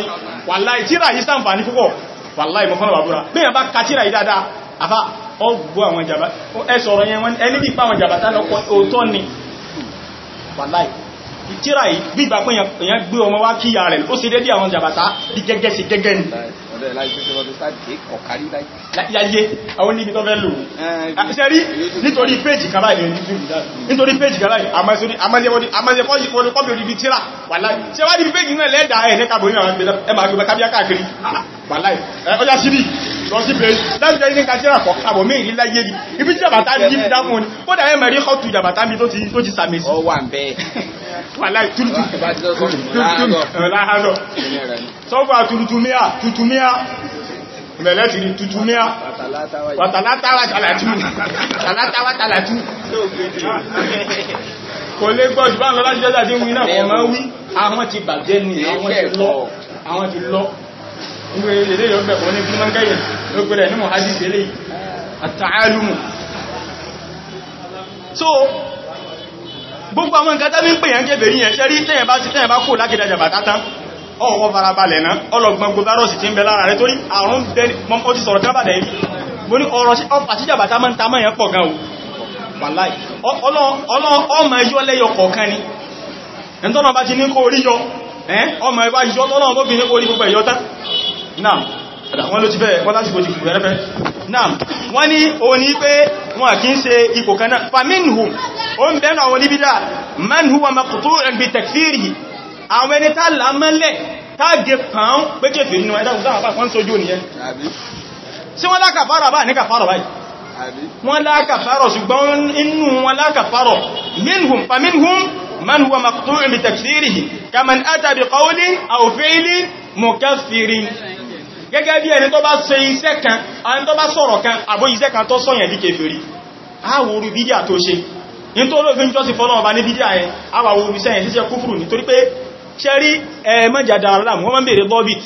wàláì tíra yìí ṣàǹfààní púpọ̀ wàláì mọ́kànlá wàbúra bí i bá ka tíra yìí dáadáa àfá ọgbọ́ àwọn jàbá ẹsọ̀rọ̀ yẹn wọ́n ẹni bí pa àwọn jàbá tánà òótọ́ ni wàláì tíra yìí bí ìgbà pé èyàn gbé ọmọ wá kí ìyá rẹ̀ ó sì dédé àwọn jàbàtà bí gẹ́gẹ́ sí gẹ́gẹ́ ni yáyé àwọn níbi tó fẹ́ lò eh, ṣẹ́rí eh, eh, nítorí péjì kàrá ìlú nítorí péjì kàrá ìlú àmọ́sẹ̀kọ́ ìwọ̀n kọ́bí wàláì ọjá síbí lọ sí pé láìjẹ́ ilé kàtírà kọ̀ àbọ̀ mí ìrìnlá yé ní ó dà ẹmẹ̀rí [LAUGHS] ti lọ nígbè ilé yóò bẹ̀ wọ́n ní fún mọ́ngáyẹ̀ ló pẹ̀lẹ̀ n mọ̀hádìsì ilé so gbogbo àwọn nǹkan tábí ń pè yàn kèfèrí yẹn ṣe rí tẹ́yàn bá ti tẹ́yàn bá kò lákìdájà bàtá tán ọwọ́ farabalẹ̀ náà ọlọ́gbọ́n gbogbo ti ń bẹ lára rẹ̀ torí àrùn bẹ́ni ti sọ̀rọ̀ ni náà wọ́n ló ti bẹ̀rẹ̀ wọ́n lásìkò ti kù rẹ̀rẹ̀fẹ́ náà wọ́n ní o ní pé wọ́n kí ń ṣe ipò kan náà faminhu o ń bẹ̀rẹ̀ àwọn oníbídà man huwa maqtu'un bi takfirihi àwọn ẹni tá lámọ́lẹ̀ tágé pàán pé kèfèrí nínú ẹ̀dá òsáwà wọ́n sójú nìyẹn sí wọ́n lákàfàrọ̀ bá ní kàfàrọ̀ báyìí wọ́n lákàfàrọ̀ ṣùgbọ́n inú wọn lákàfàrọ̀ minhum faminhum man huwa maqtu'un bi takfirihi kaman ata bi qawlin aw fi'lin mukaffirin gẹ́gẹ́ bí ẹni tó bá ṣe iṣẹ́ kan àni tó bá sọ̀rọ̀ kan àbó iṣẹ́ kan tó sọ́yàn ní kèfèrí àwọ̀ orú bídíà tó ṣe ní tó lófin jọ́ sí fọ́nà ọba ní bídíà yẹn àwọ̀ orú iṣẹ́ yẹn síṣẹ́ kúfùrù nítorí pé ṣẹ́rí ẹ̀mọ́jàdà alam wọ́n máa ń bèèrè bọ́bìt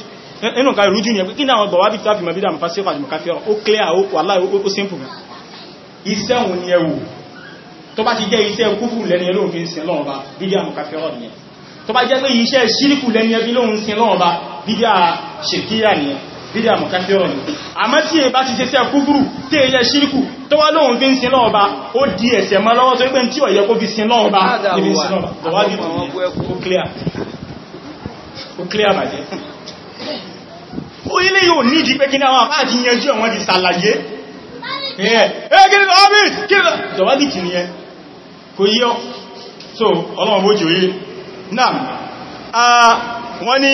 nínú nǹkan simple gan iṣẹ́ òun ni ẹwù tó bá ti jẹ́ iṣẹ́ kúfù lẹ́ni ẹlóhun fi ń sin lọ́wọ́ bá bídíà mọ̀ káfíà rọ̀ nìyẹn pé iṣẹ́ ṣíríkù lẹ́ni ẹbí lóhun sin lọ́wọ́ bá bídíà ṣèkíyà nìyẹn bídí àmọ̀ká sí ọ̀rọ̀ ni àmọ́ tí èyí bá ti ṣe sẹ́ kúfúrú tí èyí ṣíríkù tó wá lóhun fi ń sin lọ́ọ̀bá ó di ẹ̀ṣẹ̀ mọ́ lọ́wọ́ tó ń pè tí ó yẹ kó fi sin lọ́ọ̀bá ibi sin lọ́ọ̀bá tó wá bí tó clear bàjẹ́ ó ilé yóò nídi pé kí wọ́n ni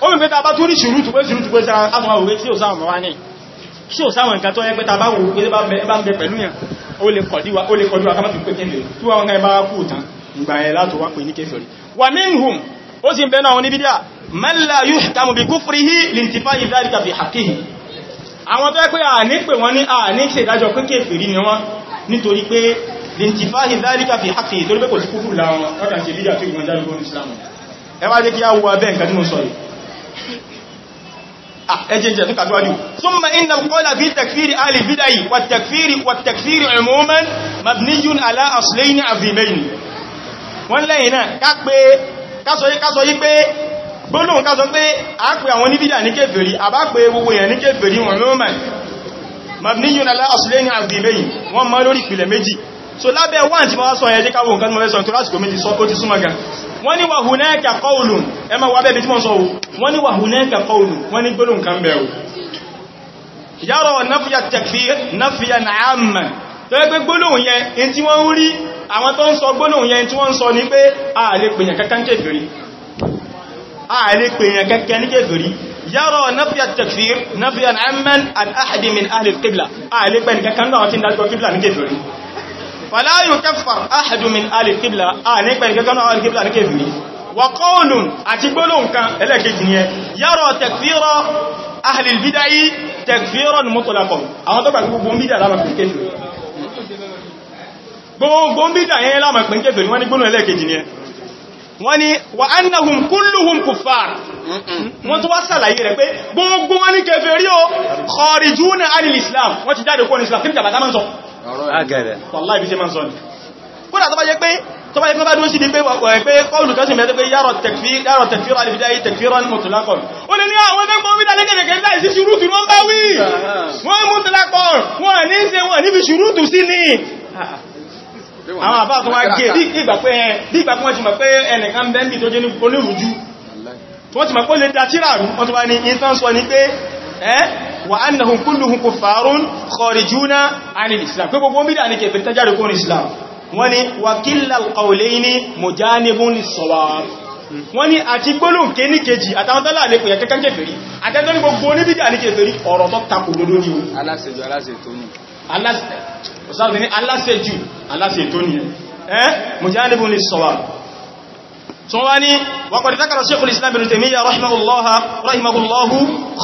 ó mẹ́ pẹ́ta bá tó rí ṣùrù tùpé ṣùrù tùpé sára àwọn òwe tí ò sáwọn wá ní ṣí ò sáwọn nǹkan tó yẹ pẹ́ta bá wò pé bá ń bẹ pẹ̀lú yàn ó lè kọjú akámọ́tù pé kéfèrè tí wọ́n ń bá kú tán ìgbà ẹ̀ látò wá pè ní kéfèrè wà minhum ó sì ń bẹ náà ní bídíà man la yuhkamu bi kufrihi lintifa'i dhalika fi haqqihi àwọn tó yẹ pé àní pè wọ́n ní kò sí kúfù láwọn wọ́n kàn ṣe bídíà tó ìgbọ̀njá lórí Islam jẹ́ kí á wo abẹ́ nǹkan tí mo sọ Ah, ẹjẹ́ jẹ́ tuka tuwaju summa inna alqawla fi takfiri ahli bid'ah wa takfiri wa takfiri umuman mabniyun ala aslayn azimayn wọ́n lẹ́yìn náà ká pé ká sọ yí pé gbólóhùn ká sọ pé a pè àwọn oníbídà ní kèfèrí àbá pé gbogbo èèyàn ni kèfèrí umuman mabniyun ala aslayn azimayn wọ́n mọ́ lórí ìpìlẹ̀ méjì so lábẹ́ wọ́n ti máa sọ ẹ̀yẹ́ jẹ́ káwọn nǹkan mọ́fẹ́ sọ tó lásìkò méjì sọ ó ti súnmọ́ gan wọ́n ni wà hunaka qawlun ẹ ma wà bẹ́ẹ̀ tí wọ́n sọ wọ́n ni wà hunaka qawlun wọ́n ni gbọ́lù nǹkan bẹ̀rù yàrá nafiya takfir nafiya na'amma tó yẹ pé gbọ́lù yẹn in tí wọ́n rí àwọn tó ń sọ gbọ́lù yẹn tí wọ́n sọ ní pé a lè pèyàn kankan kèfèrí a lè pèyàn kankan kèfèrí yàrá nafiya takfir nafiya na'amma náà tí ń dájúkọ kíblà ní kèfèrí fàlá yukaffar ahadun min alì kíblà a nípa ìkẹ́kọ́nà alì kíblà ní kéfì wà qawlun àti gbólóhùn kan ẹlẹ́kejì ni ẹ yàrá takfira ahli al-bid'ah takfiran mutlaqan àwọn tó gbàgbé gbogbo bídà lámà pín kéfì gbogbo bídà yẹn lámà pín kéfì wọ́n ní gbólóhùn ẹlẹ́kejì ni ẹ wọ́n ní wà annahum kulluhum kuffar wọ́n tó wá sàlàyé rẹ̀ pé gbogbo wọn ní kèfèrí o kharijuna anil islam wọ́n ti jáde kó ní islam tí bàbá ágẹ̀rẹ̀ wàláì bí ṣe máa sọ ní kódà tó bá jẹ́ pé tó bá jẹ́ pé bá dúró sí ní pé kọlù kẹsì mẹ́ta pé yàrọ̀ tẹ̀kfíra alìfidá yìí tẹ̀kfíra ní mọ̀tòlákọ̀n ó lè ní àwọn ẹgbẹ́ kan wíta lẹ́kẹ̀ẹ́kẹ́ láì sí ṣùrútù wọ́n bá wí uh-huh. wọ́n mọ̀tòlákọ̀n wọ́n ní ṣe wọ́n níbi ṣùrútù sí ni uh-huh. àwọn àbá tó wá gé bí ìgbà pé wọ́n ti mọ̀ pé ẹnìkan bẹ́ẹ̀ bí tó jẹ́ ní olórùjú wọ́n ti mọ̀ pé ó lè dá tíràrù wọ́n tó wá ní ìtàn sọ ní pé Eh? wa annahum kulluhum kuffarun kharijuna anil islam pé gbogbo bídà ní kèfèrí tó jáde kúrò islam wọ́n ni wa killal qawlayni mujanibun lis-sawab wọ́n ni àti gbólóhùn ké ní kejì àtàwọn tọ́lá lè pè ẹ̀kẹ́kẹ́ kèfèrí àtẹ́tọ́ ní gbogbo oníbídà ní kèfèrí ọ̀rọ̀ tó takò lódó ní o aláṣejù aláṣetó ní ẹ̀ mujanibun lis-sawab سواني وقد ذكر شيخ الإسلام بن تيمية رحمه الله رحمه الله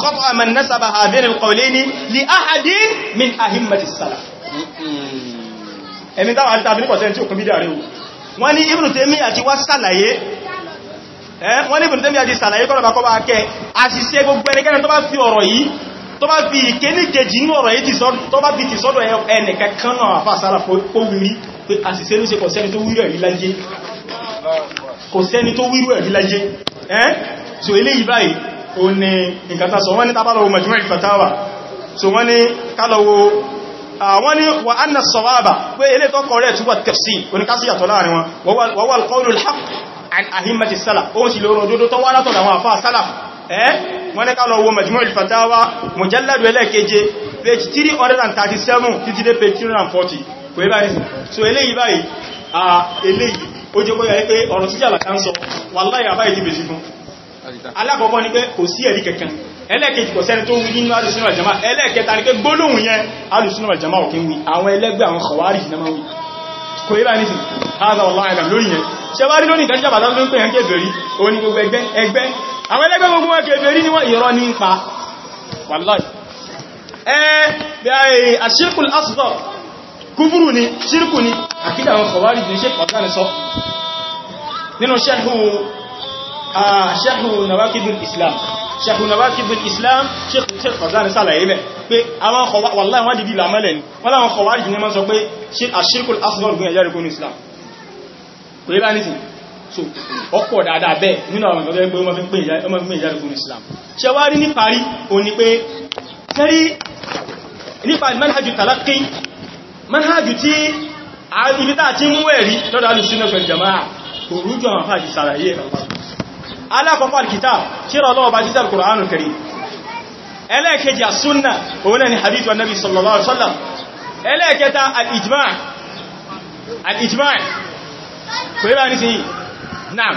خطأ من نسب هذين القولين لأحد من أهمة السلف ẹni dáwà àríta àbíníkọ̀ sẹ́ntí òkun bídá rí wọ́n ní Ibn Taymiyyah ti wá sàlàyé wọ́n ní Ibn Taymiyyah ti sàlàyé kọ́lọ̀bà kọ́ bá kẹ́ àṣìṣe gbogbo ẹnikẹ́ni tó bá fi ọ̀rọ̀ yìí tó bá fi ìkéníkejì ní ọ̀rọ̀ yìí tó bá fi ti sọ́dọ̀ ẹnìkẹ́ kan náà àfáà sára fó wírí pé àṣìṣe ló ṣe kọ̀ sẹ́ni tó wírí ẹ̀rí láyé kò sẹ́ni tó wírú ẹ̀rí láyé ẹ́n so eléyìí báyìí o ní ìkàtà sọ wọ́n ní tábàlọ́wọ́ majmu' al-fatawa so wọ́n ní kálọ̀wọ́ àwọn ní wà anna as-sawaba pé ilé tó kọ̀rẹ́ túbọ̀ tẹ̀sí oníkásíyàtọ̀ láàrin wọn wa huwa al-qawlu al-haqq an ahimmati salaf ó sì lórí òdodo tó wá látọ̀dọ̀ àwọn àfáà salaf ẹ́ wọ́n ní kálọ̀wọ́ majmu' al-fatawa mujalladu ó jẹ́ kóyà pé ọ̀rọ̀ tí jàlá kan sọ wàláhì àbá ìdí méjì fún alákọ̀ọ́kọ́ ni pé kò sí ẹ̀rí kankan ẹlẹ́ẹ̀kejì kò sẹ́ni tó wí nínú alùsùnà ìjàmá ẹlẹ́ẹ̀kẹta ni pé gbólóhùn yẹn alùsùnà ìjàmá òkè wí àwọn ẹlẹ́gbẹ́ àwọn kọ̀wárì náà máa wí kò yíra ní sí haza wallahi àìlàm lórí yẹn ṣe wá rí lónìí ìdájọ́ bàtà lórí pé yẹn kèfèrí ó ní gbogbo kúfúrù ni ṣírkù ni àkídà àwọn kọwàrí jù ṣe pàtàkì sọ nínú ṣẹ́hù nawakidul islam ṣẹ́hù nawakidul islam ṣẹ́hù ṣe pàtàkì sálàyé bẹ̀ pé àwọn wàlláhì wọ́n dìdì làmọ́lẹ̀ ni wọ́n láwọn kọwàrí ní sọ pé ṣírkùl asghar islam kò yí islam ṣe wá ní parí òní pé manhajù tí ibítà tí mú ẹ̀rí lọ́dọ̀ alùsúnà pẹ̀lú jama'a kò rújọ àwọn fàájì sàràyè alákọ̀ọ́kọ́ alkita kíra ọlọ́wọ́ bá títà alkùránù kẹrì ẹlẹ́ẹ̀kẹjì asúnà òun ni hadith wa nabi sallallahu alaihi wasallam ẹlẹ́ẹ̀kẹta al-ijma' al-ijma' kò yíba ní sí naam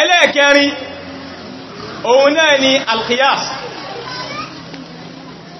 ẹlẹ́ẹ̀kẹrin òun náà ni alkiyas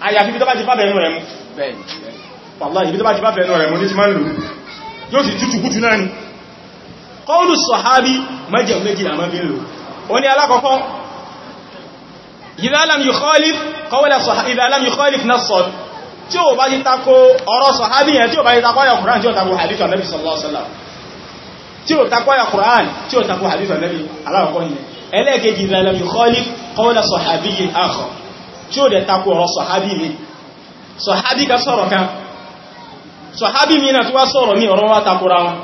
àyàfi bí tó bá ti fáfẹ́ ẹnu rẹ̀ mú wallahi bí tó bá ti fáfẹ́ ẹnu rẹ̀ mú ní ti máa ń lò yóò sì tútù kútù náà ni kọ́ọ̀lù sọ̀hábí mẹ́jẹ̀ méjì àmá bí lò ó ní alákọ̀ọ́kọ́ idha lam yukhalif qawla sọ̀hábí idha lam yukhalif nass tí ó bá ti tako ọ̀rọ̀ sọ̀hábí yẹn tí ó bá ti tako ayà kùrán tí ó tako hadith annabi sallallahu alaihi wasallam tí ó dẹ̀ takò ọ̀rọ̀ sọ̀hábí mi sọ̀hábí ka sọ̀rọ̀ kan sọ̀hábí mi náà tó wá sọ̀rọ̀ ní ọ̀rọ̀ wá takòra wọn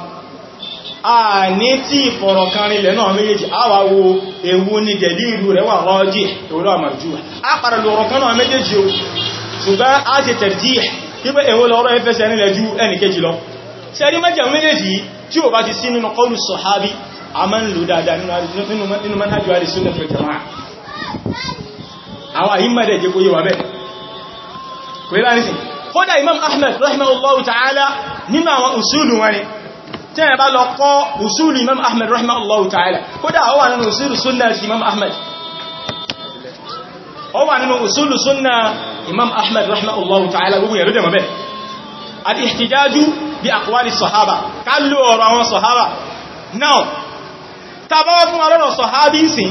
a ní tí ìfọ̀rọ̀ kan rílẹ̀ náà méjèèjì a wá wo ewu ní gẹ̀lì ìlú rẹ̀ wà rọ́jì ewúrò àmàjú a padà lọ ọ̀rọ̀ kan náà méjèèjì o ṣùgbọ́n a ti tẹ̀dí pípẹ́ èwo lọ́rọ̀ ẹfẹ́sẹ̀ nílẹ̀ ju ẹnì kejì lọ ṣe rí mẹ́jẹ̀ méjèèjì tí ò bá ti sí nínú kọlù sọ̀hábí a máa ń lò dáadáa nínú manhajjú àdìsúnnà àwọn àyímọ̀dẹ̀ jẹ́ kó yíwa bẹ́ kò yí láàrín sí fọ́dá imam ahmed rahimahullahu ta'ala nínú àwọn usulu wani tí a bá lọ kọ́ usulu imam ahmed rahimahullahu ta'ala kódà ó wà nínú usulu sunna sí imam ahmed ó wà nínú usulu sunna imam ahmed rahimahullahu ta'ala gbogbo yẹ̀lú dẹ̀mọ̀ bẹ́ al-ihtijaju bi aqwali sahaba ká lò ọ̀rọ̀ àwọn sahaba now tàbá fún alọ́rọ̀ sahabi sin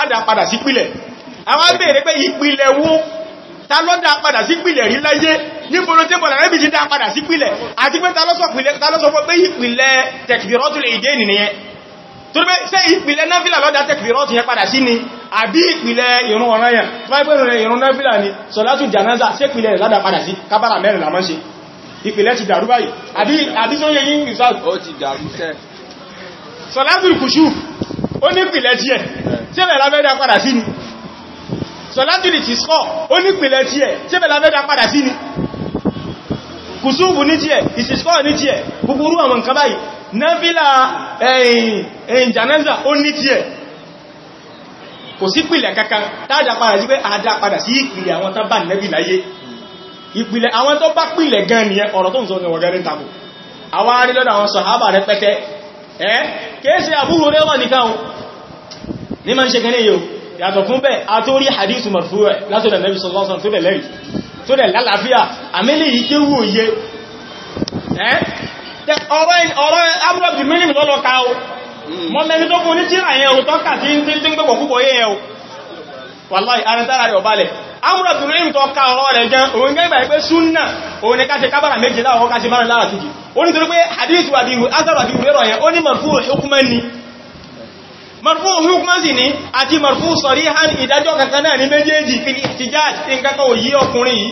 àádà padà sí pìlẹ̀ àwọn abẹ́rẹ́ pé ìpìlẹ̀ wo ta ló dá padà sí pìlẹ̀ rí láyé níbòrò tí bọ̀lá rẹ́bì ti dá padà sí pìlẹ̀ àti pé ta ló sọ pé ìpìlẹ̀ tẹ̀kìdìrọ́tùlẹ̀ ìdé nìyẹn torí pé ṣé ìpìlẹ̀ náfílà ló dá tẹ̀kìdìrọ́tù yẹn padà sí ni àbí ìpìlẹ̀ ìrun ọ̀ranyàn fáìpẹ̀rẹ̀ ìrun náfílà ni sọ̀látù jànáza ṣé ìpìlẹ̀ ládà padà sí kábàrà mẹ́rin la máa ń ṣe ìpìlẹ̀ ti dàrú báyìí àbí tó yẹ yí ìsáàtù ó ti dàrú sẹ́ sọ̀látù kùsùfù ó ní pìlẹ̀ tí ẹ̀ tí ẹ̀bẹ̀ lábẹ́dá padà ni sọ̀látìlì ti sọ́ ó ní pìlẹ̀ tí ẹ̀ tí ẹ̀bẹ̀ lábẹ́dá padà sí ni kùsùfù ní tí ẹ̀ ìsìsọ́ ní tí ẹ̀ gbogbo àwọn nǹkan báyìí náfílà ẹ̀yìn eh, eh, jànáza ó ní tí ẹ̀ kò sí pìlẹ̀ kankan táàdà padà sí pé àdá padà sí ìpìlẹ̀ àwọn tán bá nẹ́bì láyé ẹ́ kéèsì àbúrò rẹ́wà nìkan ní ma ń ṣe gẹ́nẹ́ yóò yàtọ̀ fún bẹ́ àtórí hadith marfu ẹ̀ látọ̀dọ̀ Nabi sallallahu alaihi wasallam tó dẹ̀ lẹ́rì tó dẹ̀ lálàáfíà àmìlì yìí ké wò yé eh? ọ̀rọ̀ abúrò bìmínì lọ́lọ́ka o wàláì arẹ́tara rẹ̀ ọ̀bálẹ̀ amúrọ̀tún ní ìtọ́ ká ọ̀rọ̀ rẹ̀ gan òun gẹ́gbà pé súnnà òun ni káṣe kábàrà méje láwọn káṣe márùn lára kìí ó ní torí pé hadith wà bí asàrà bí wérọ̀ yẹn ó ní marfu hukuman ni marfu hukuman sì ni àti marfu sarihan ìdájọ́ kankan náà ní méjèèjì fi ihtijaj tí kankan òyí ọkùnrin yìí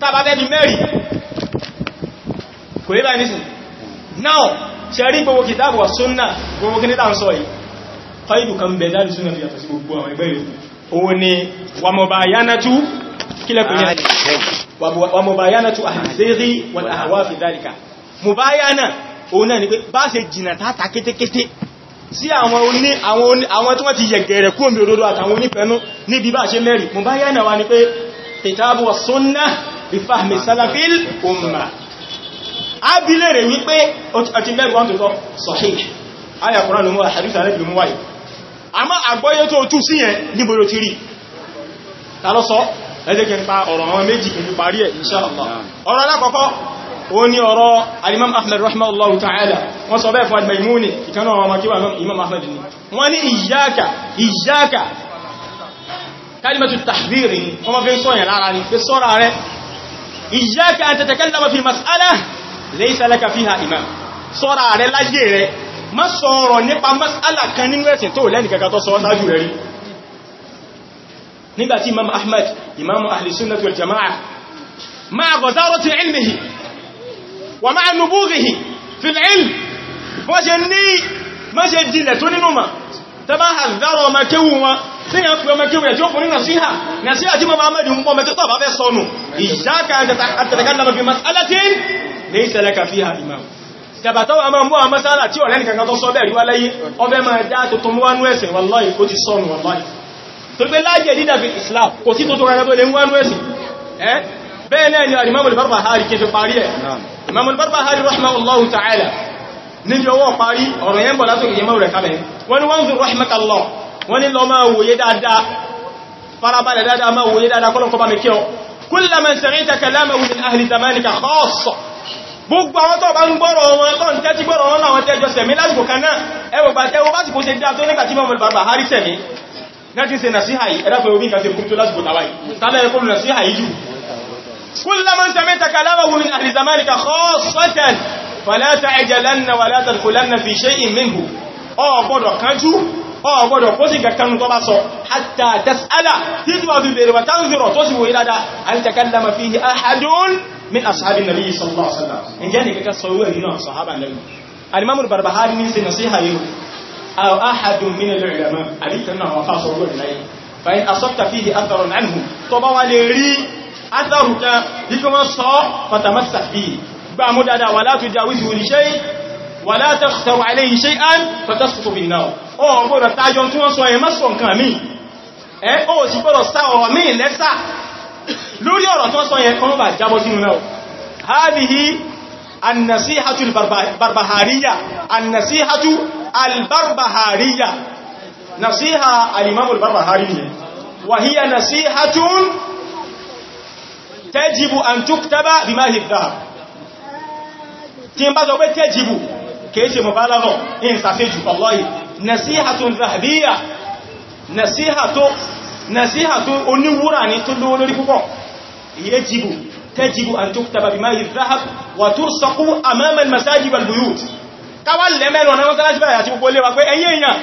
tàbá fẹ́ bí mẹ́rin kò yí gbogbo kìtàbù súnnà gbogbo kìnítà ń kọ́ ìdù kan bẹ̀ dáadì fi yàtọ̀ gbogbo àwọn ẹgbẹ́ yòókù òun ni wàmọ̀bàyánátú kílẹ̀kùn yẹn wàmọ̀bàyánátú àhàzẹ́rí wal ahwa fi dhalika mọ̀báyánà òun náà ni pé bá ṣe jìnà tàtà kétékété sí àwọn oní àwọn tí wọ́n ti yẹ̀gẹ̀rẹ̀ kú omi òdodo àtàwọn onífẹ́nú níbi bá ṣe mẹ́rin mọ̀báyánà wà ní pé wa sunna bi salafil umma a bí lè rẹ̀ wípé ọtí mẹ́rin wọ́n tó sọ sahih àmọ́ àgbọ́yé tó tú sí yẹn níbo ló ti rí ta ló sọ ẹjẹ́kẹ́ nípa ọ̀rọ̀ àwọn méjì ìlú parí ẹ̀ insha Allah ọ̀rọ̀ alákọ̀ọ́kọ́ ó ní ọ̀rọ̀ alimam ahmed rahimahullahu ta'ala wọ́n sọ bẹ́ẹ̀ fún al-Maimuni ìkanáà wọn makíwà imam ahmed ni wọ́n ní iyyaka iyyaka kalimatu tahdhiri ni wọ́n ma fi ń sọ́yẹ̀ lára ni fi sọ́ra má sọ̀rọ̀ nípa mas'ala kan nínú ẹ̀sìn tó lẹ́nì kankan tó sọ sáájú rẹ̀ rí nígbàtí imam ahmad imam ahli sunnah wal jama'a ma'a ghazarati ilmihi wa ma'a nubughihi fil ilm wọ́n ṣe ní má ṣe jìnlẹ̀ tó nínú ma ta bá hàzárọ̀ ọmọ kéwù wọn tí yàn fi ọmọ kéwù ẹ̀tí ó fún ní nàṣíhà nàṣíhà jàbàtọ́ wa máa mú àwọn mọ́sálà tí ọ̀rẹ́ nìkan tó sọ bẹ́ẹ̀ rí wá láyé ọbẹ̀ máa dá tuntun wá nú ẹ̀sìn wallahi ó ti sọnù wallahi tó gbé láyé dídà fi islam kò sí tuntun rẹ̀ tó lè wá nú ẹ̀sìn bẹ́ẹ̀ náà ni alimamul barbahari kí fi parí ẹ̀ imamul barbahari rahimahullahu ta'ala níbi ọwọ́ parí ọ̀rọ̀ yẹn bọ̀ látòkè yẹmọ́ rẹ̀ kalẹ̀ wọ́n kullama sami'ta kalamahu min ahli zamanika khassa gbogbo àwọn tó bá ń gbọ́rọ̀ wọn tó ń tẹ́tí gbọ́rọ̀ wọn náà wọ́n tẹ́jọ sẹ̀mí lásìkò kan náà ẹwọ̀ bá tẹ́wọ́ bá ti kó se dá tó nígbàtí mọ́mọ̀ bàbá harí sẹ̀mí láti se nàṣíhà yìí ẹ̀dàfẹ́ orí nǹkan se kúrò ولا تدخلن في شيء منه ó gbọ́dọ̀ kánjú ó gbọ́dọ̀ kó sí kankan tó bá sọ hatta tas'ala títí wà bí bèèrè wà tánzírọ̀ min ashabi nabi sallallahu alaihi wasallam ǹjẹ́ ni kaka sawo ri na sahaba nabi al-imam al-barbahari min sai nasiha yi aw ahad min al-ulama ali tanna wa fa sawo ri lai fa in asabta fihi atharun anhu tó bá wá lè rí atharu ka iko ma so fatamassak bi ba mu dada wala tujawizu li shay wala takhtaru alayhi shay'an fatasqutu bin nar o bo tajon tí wọ́n sọ ẹ má mi eh o sì gbọ́dọ̀ sa ọ̀rọ̀ mi lesa lórí ọ̀rọ̀ tó sọ yẹn kọ́nà bá jábọ́ sínú náà hadihi annasihatu albarbahariya annasihatu albarbahariya nasiha alimamu albarbahari ne wàhíyà nasihatun tẹ́jìbù an tuktaba bí máa hìdá tí n bá sọ pé tẹ́jìbù kìí ṣe mọ̀ bá lọ́nà in sàfẹ́jù wallahi nasihatun zahabiyya nasihatun nàṣíhà tó oníwúrà ní tó lówó lórí púpọ̀ yajibu tajibu an tuktaba bima'i dhahab wa tursaqu amama al-masajid wal buyut káwà lẹ́mẹ́rin ọ̀nà mọ́sálásí báyà àti gbogbo léwà pé ẹ̀yin èèyàn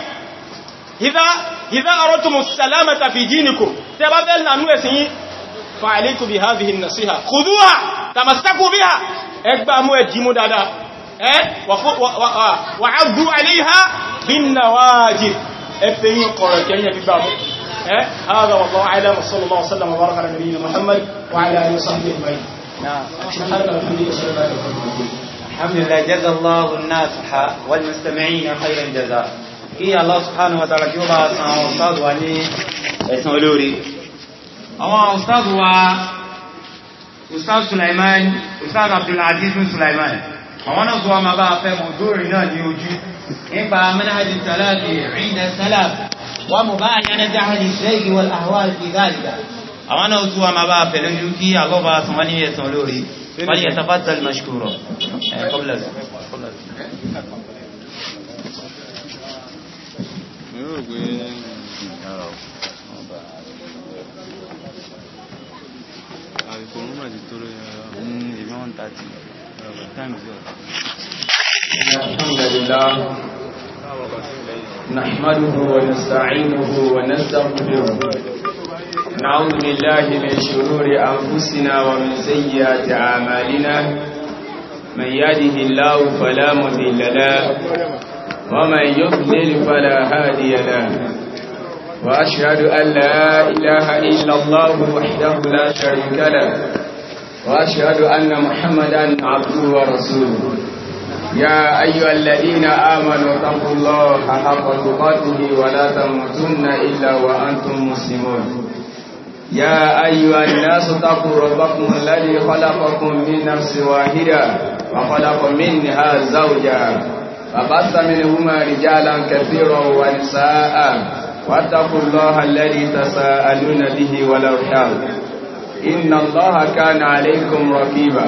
idha idha aradtum as-salamata fi dinikum tẹ́ bá fẹ́ lànú ẹ̀sìn yìí fa alaykum bi hadhihi an-nasiha khudhuha tamassaku biha ẹgbà mú ẹ̀dìmú dáadáa wa'addu alayha kọ̀rọ̀ kẹ́yìn gbígbà mú هذا والله أعلم وصلى الله وسلم وبارك على نبينا محمد وعلى آله وصحبه أجمعين نعم الحمد لله جزا الله الناصح والمستمعين خير الجزاء kí Allah subhanahu wa ta'ala kí ó bá san àwọn ọ̀sáàdù wa ní ẹ̀san olóore àwọn ọ̀sáàdù wa ustaz Sulaiman ustaz Abdulaziz bin Sulaiman àwọn náà tó wá ma bá fẹ́ mọ̀ dóòrì náà ní ojú nípa manhaj salafi inda salaf wà mú bá ní ọdẹ́dẹ́ àwọn ìṣẹ́ ìwọ̀ àwọn ìgbà ìgbà àwọn náà tún wà máa bá pẹ̀lú ojú kí àgọ́bà sàn wọ́n ní ẹ̀sán lórí wọ́n ní ẹ̀sán fásitì mashkuro Àìkò rúmà ti tó rẹ̀ ẹ̀rọ ní ìmọ̀ 130. Um, time نحمده ونستعينه ونستغفره نعوذ بالله من شرور أنفسنا ومن سيئات أعمالنا من يده الله فلا مضل له ومن يضلل فلا هادي له وأشهد أن لا إله إلا الله وحده لا شريك له وأشهد أن محمدا عبده ورسوله يا أيها الذين آمنوا اتقوا الله حق تقاته ولا تموتن إلا وأنتم مسلمون يا أيها الناس اتقوا ربكم الذي خلقكم من نفس واحدة وخلق منها زوجا فبث منهما رجالا كثيرا ونساء واتقوا الله الذي تساءلون به ولا والأرحام إن الله كان عليكم رقيبا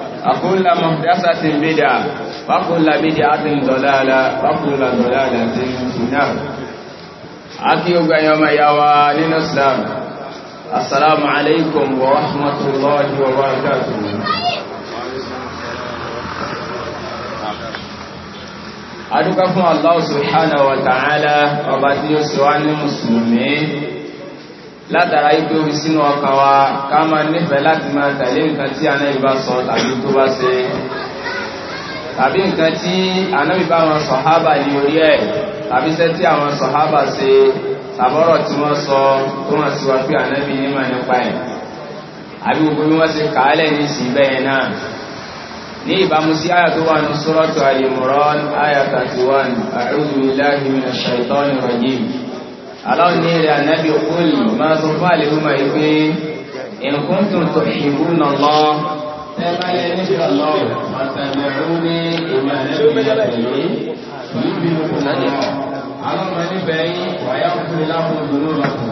وكل محدثة بدعة وكل بدعة ضلالة وكل ضلالة في النار أتي يوم يوان لنسلام السلام عليكم ورحمة الله وبركاته adúgbà fún Allah subhanahu wa ta'ala ọba tí ó sọ wá ní mùsùlùmí látara ipé orí sínú ọkàn wa ká máa nífẹ̀ẹ́ láti máa tẹ̀lé nǹkan tí anábì bá sọ tàbí tó bá ṣe tàbí nǹkan tí anábì bá wọn sọ̀hábà ní orí ẹ̀ tàbí iṣẹ́ tí àwọn sọ̀hábà ṣe tàbọ̀rọ̀ tí wọ́n sọ tó wọ́n sì wá pé anábì nímọ̀ nípa ẹ̀ àbí gbogbo bí wọ́n ṣe kàálẹ̀ ní sí bẹ́ẹ̀ náà ní ìbámu sí àyà tó wà ní sọ́rọ̀tọ̀ Al-Imran àyà 31 a'udhu billahi minash shaitani rajim aláwọn ní ilẹ̀ ànábì òkúlì máa sọ fún àlèhùmà ìpé nǹkan tó tó ìbú nà lọ tẹ́bálẹ̀ nífẹ̀ẹ́ lọ àtàlẹ̀rún ní ìmọ̀ ànábì àtẹ̀lé níbi ìpòlọ́ aláwọn nífẹ̀ẹ́ yìí wáyá fún ìlàkùn ìdúró lọ́kùn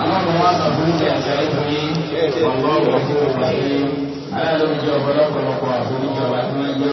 aláwọn wá sọ fún ìjẹ́ àṣà ìfún yìí ọ̀gbọ́n ọ̀gbọ́n fún ìgbà yìí aláàlójọ ọ̀pọ̀lọpọ̀lọpọ̀ àforíjọba tí wọ́n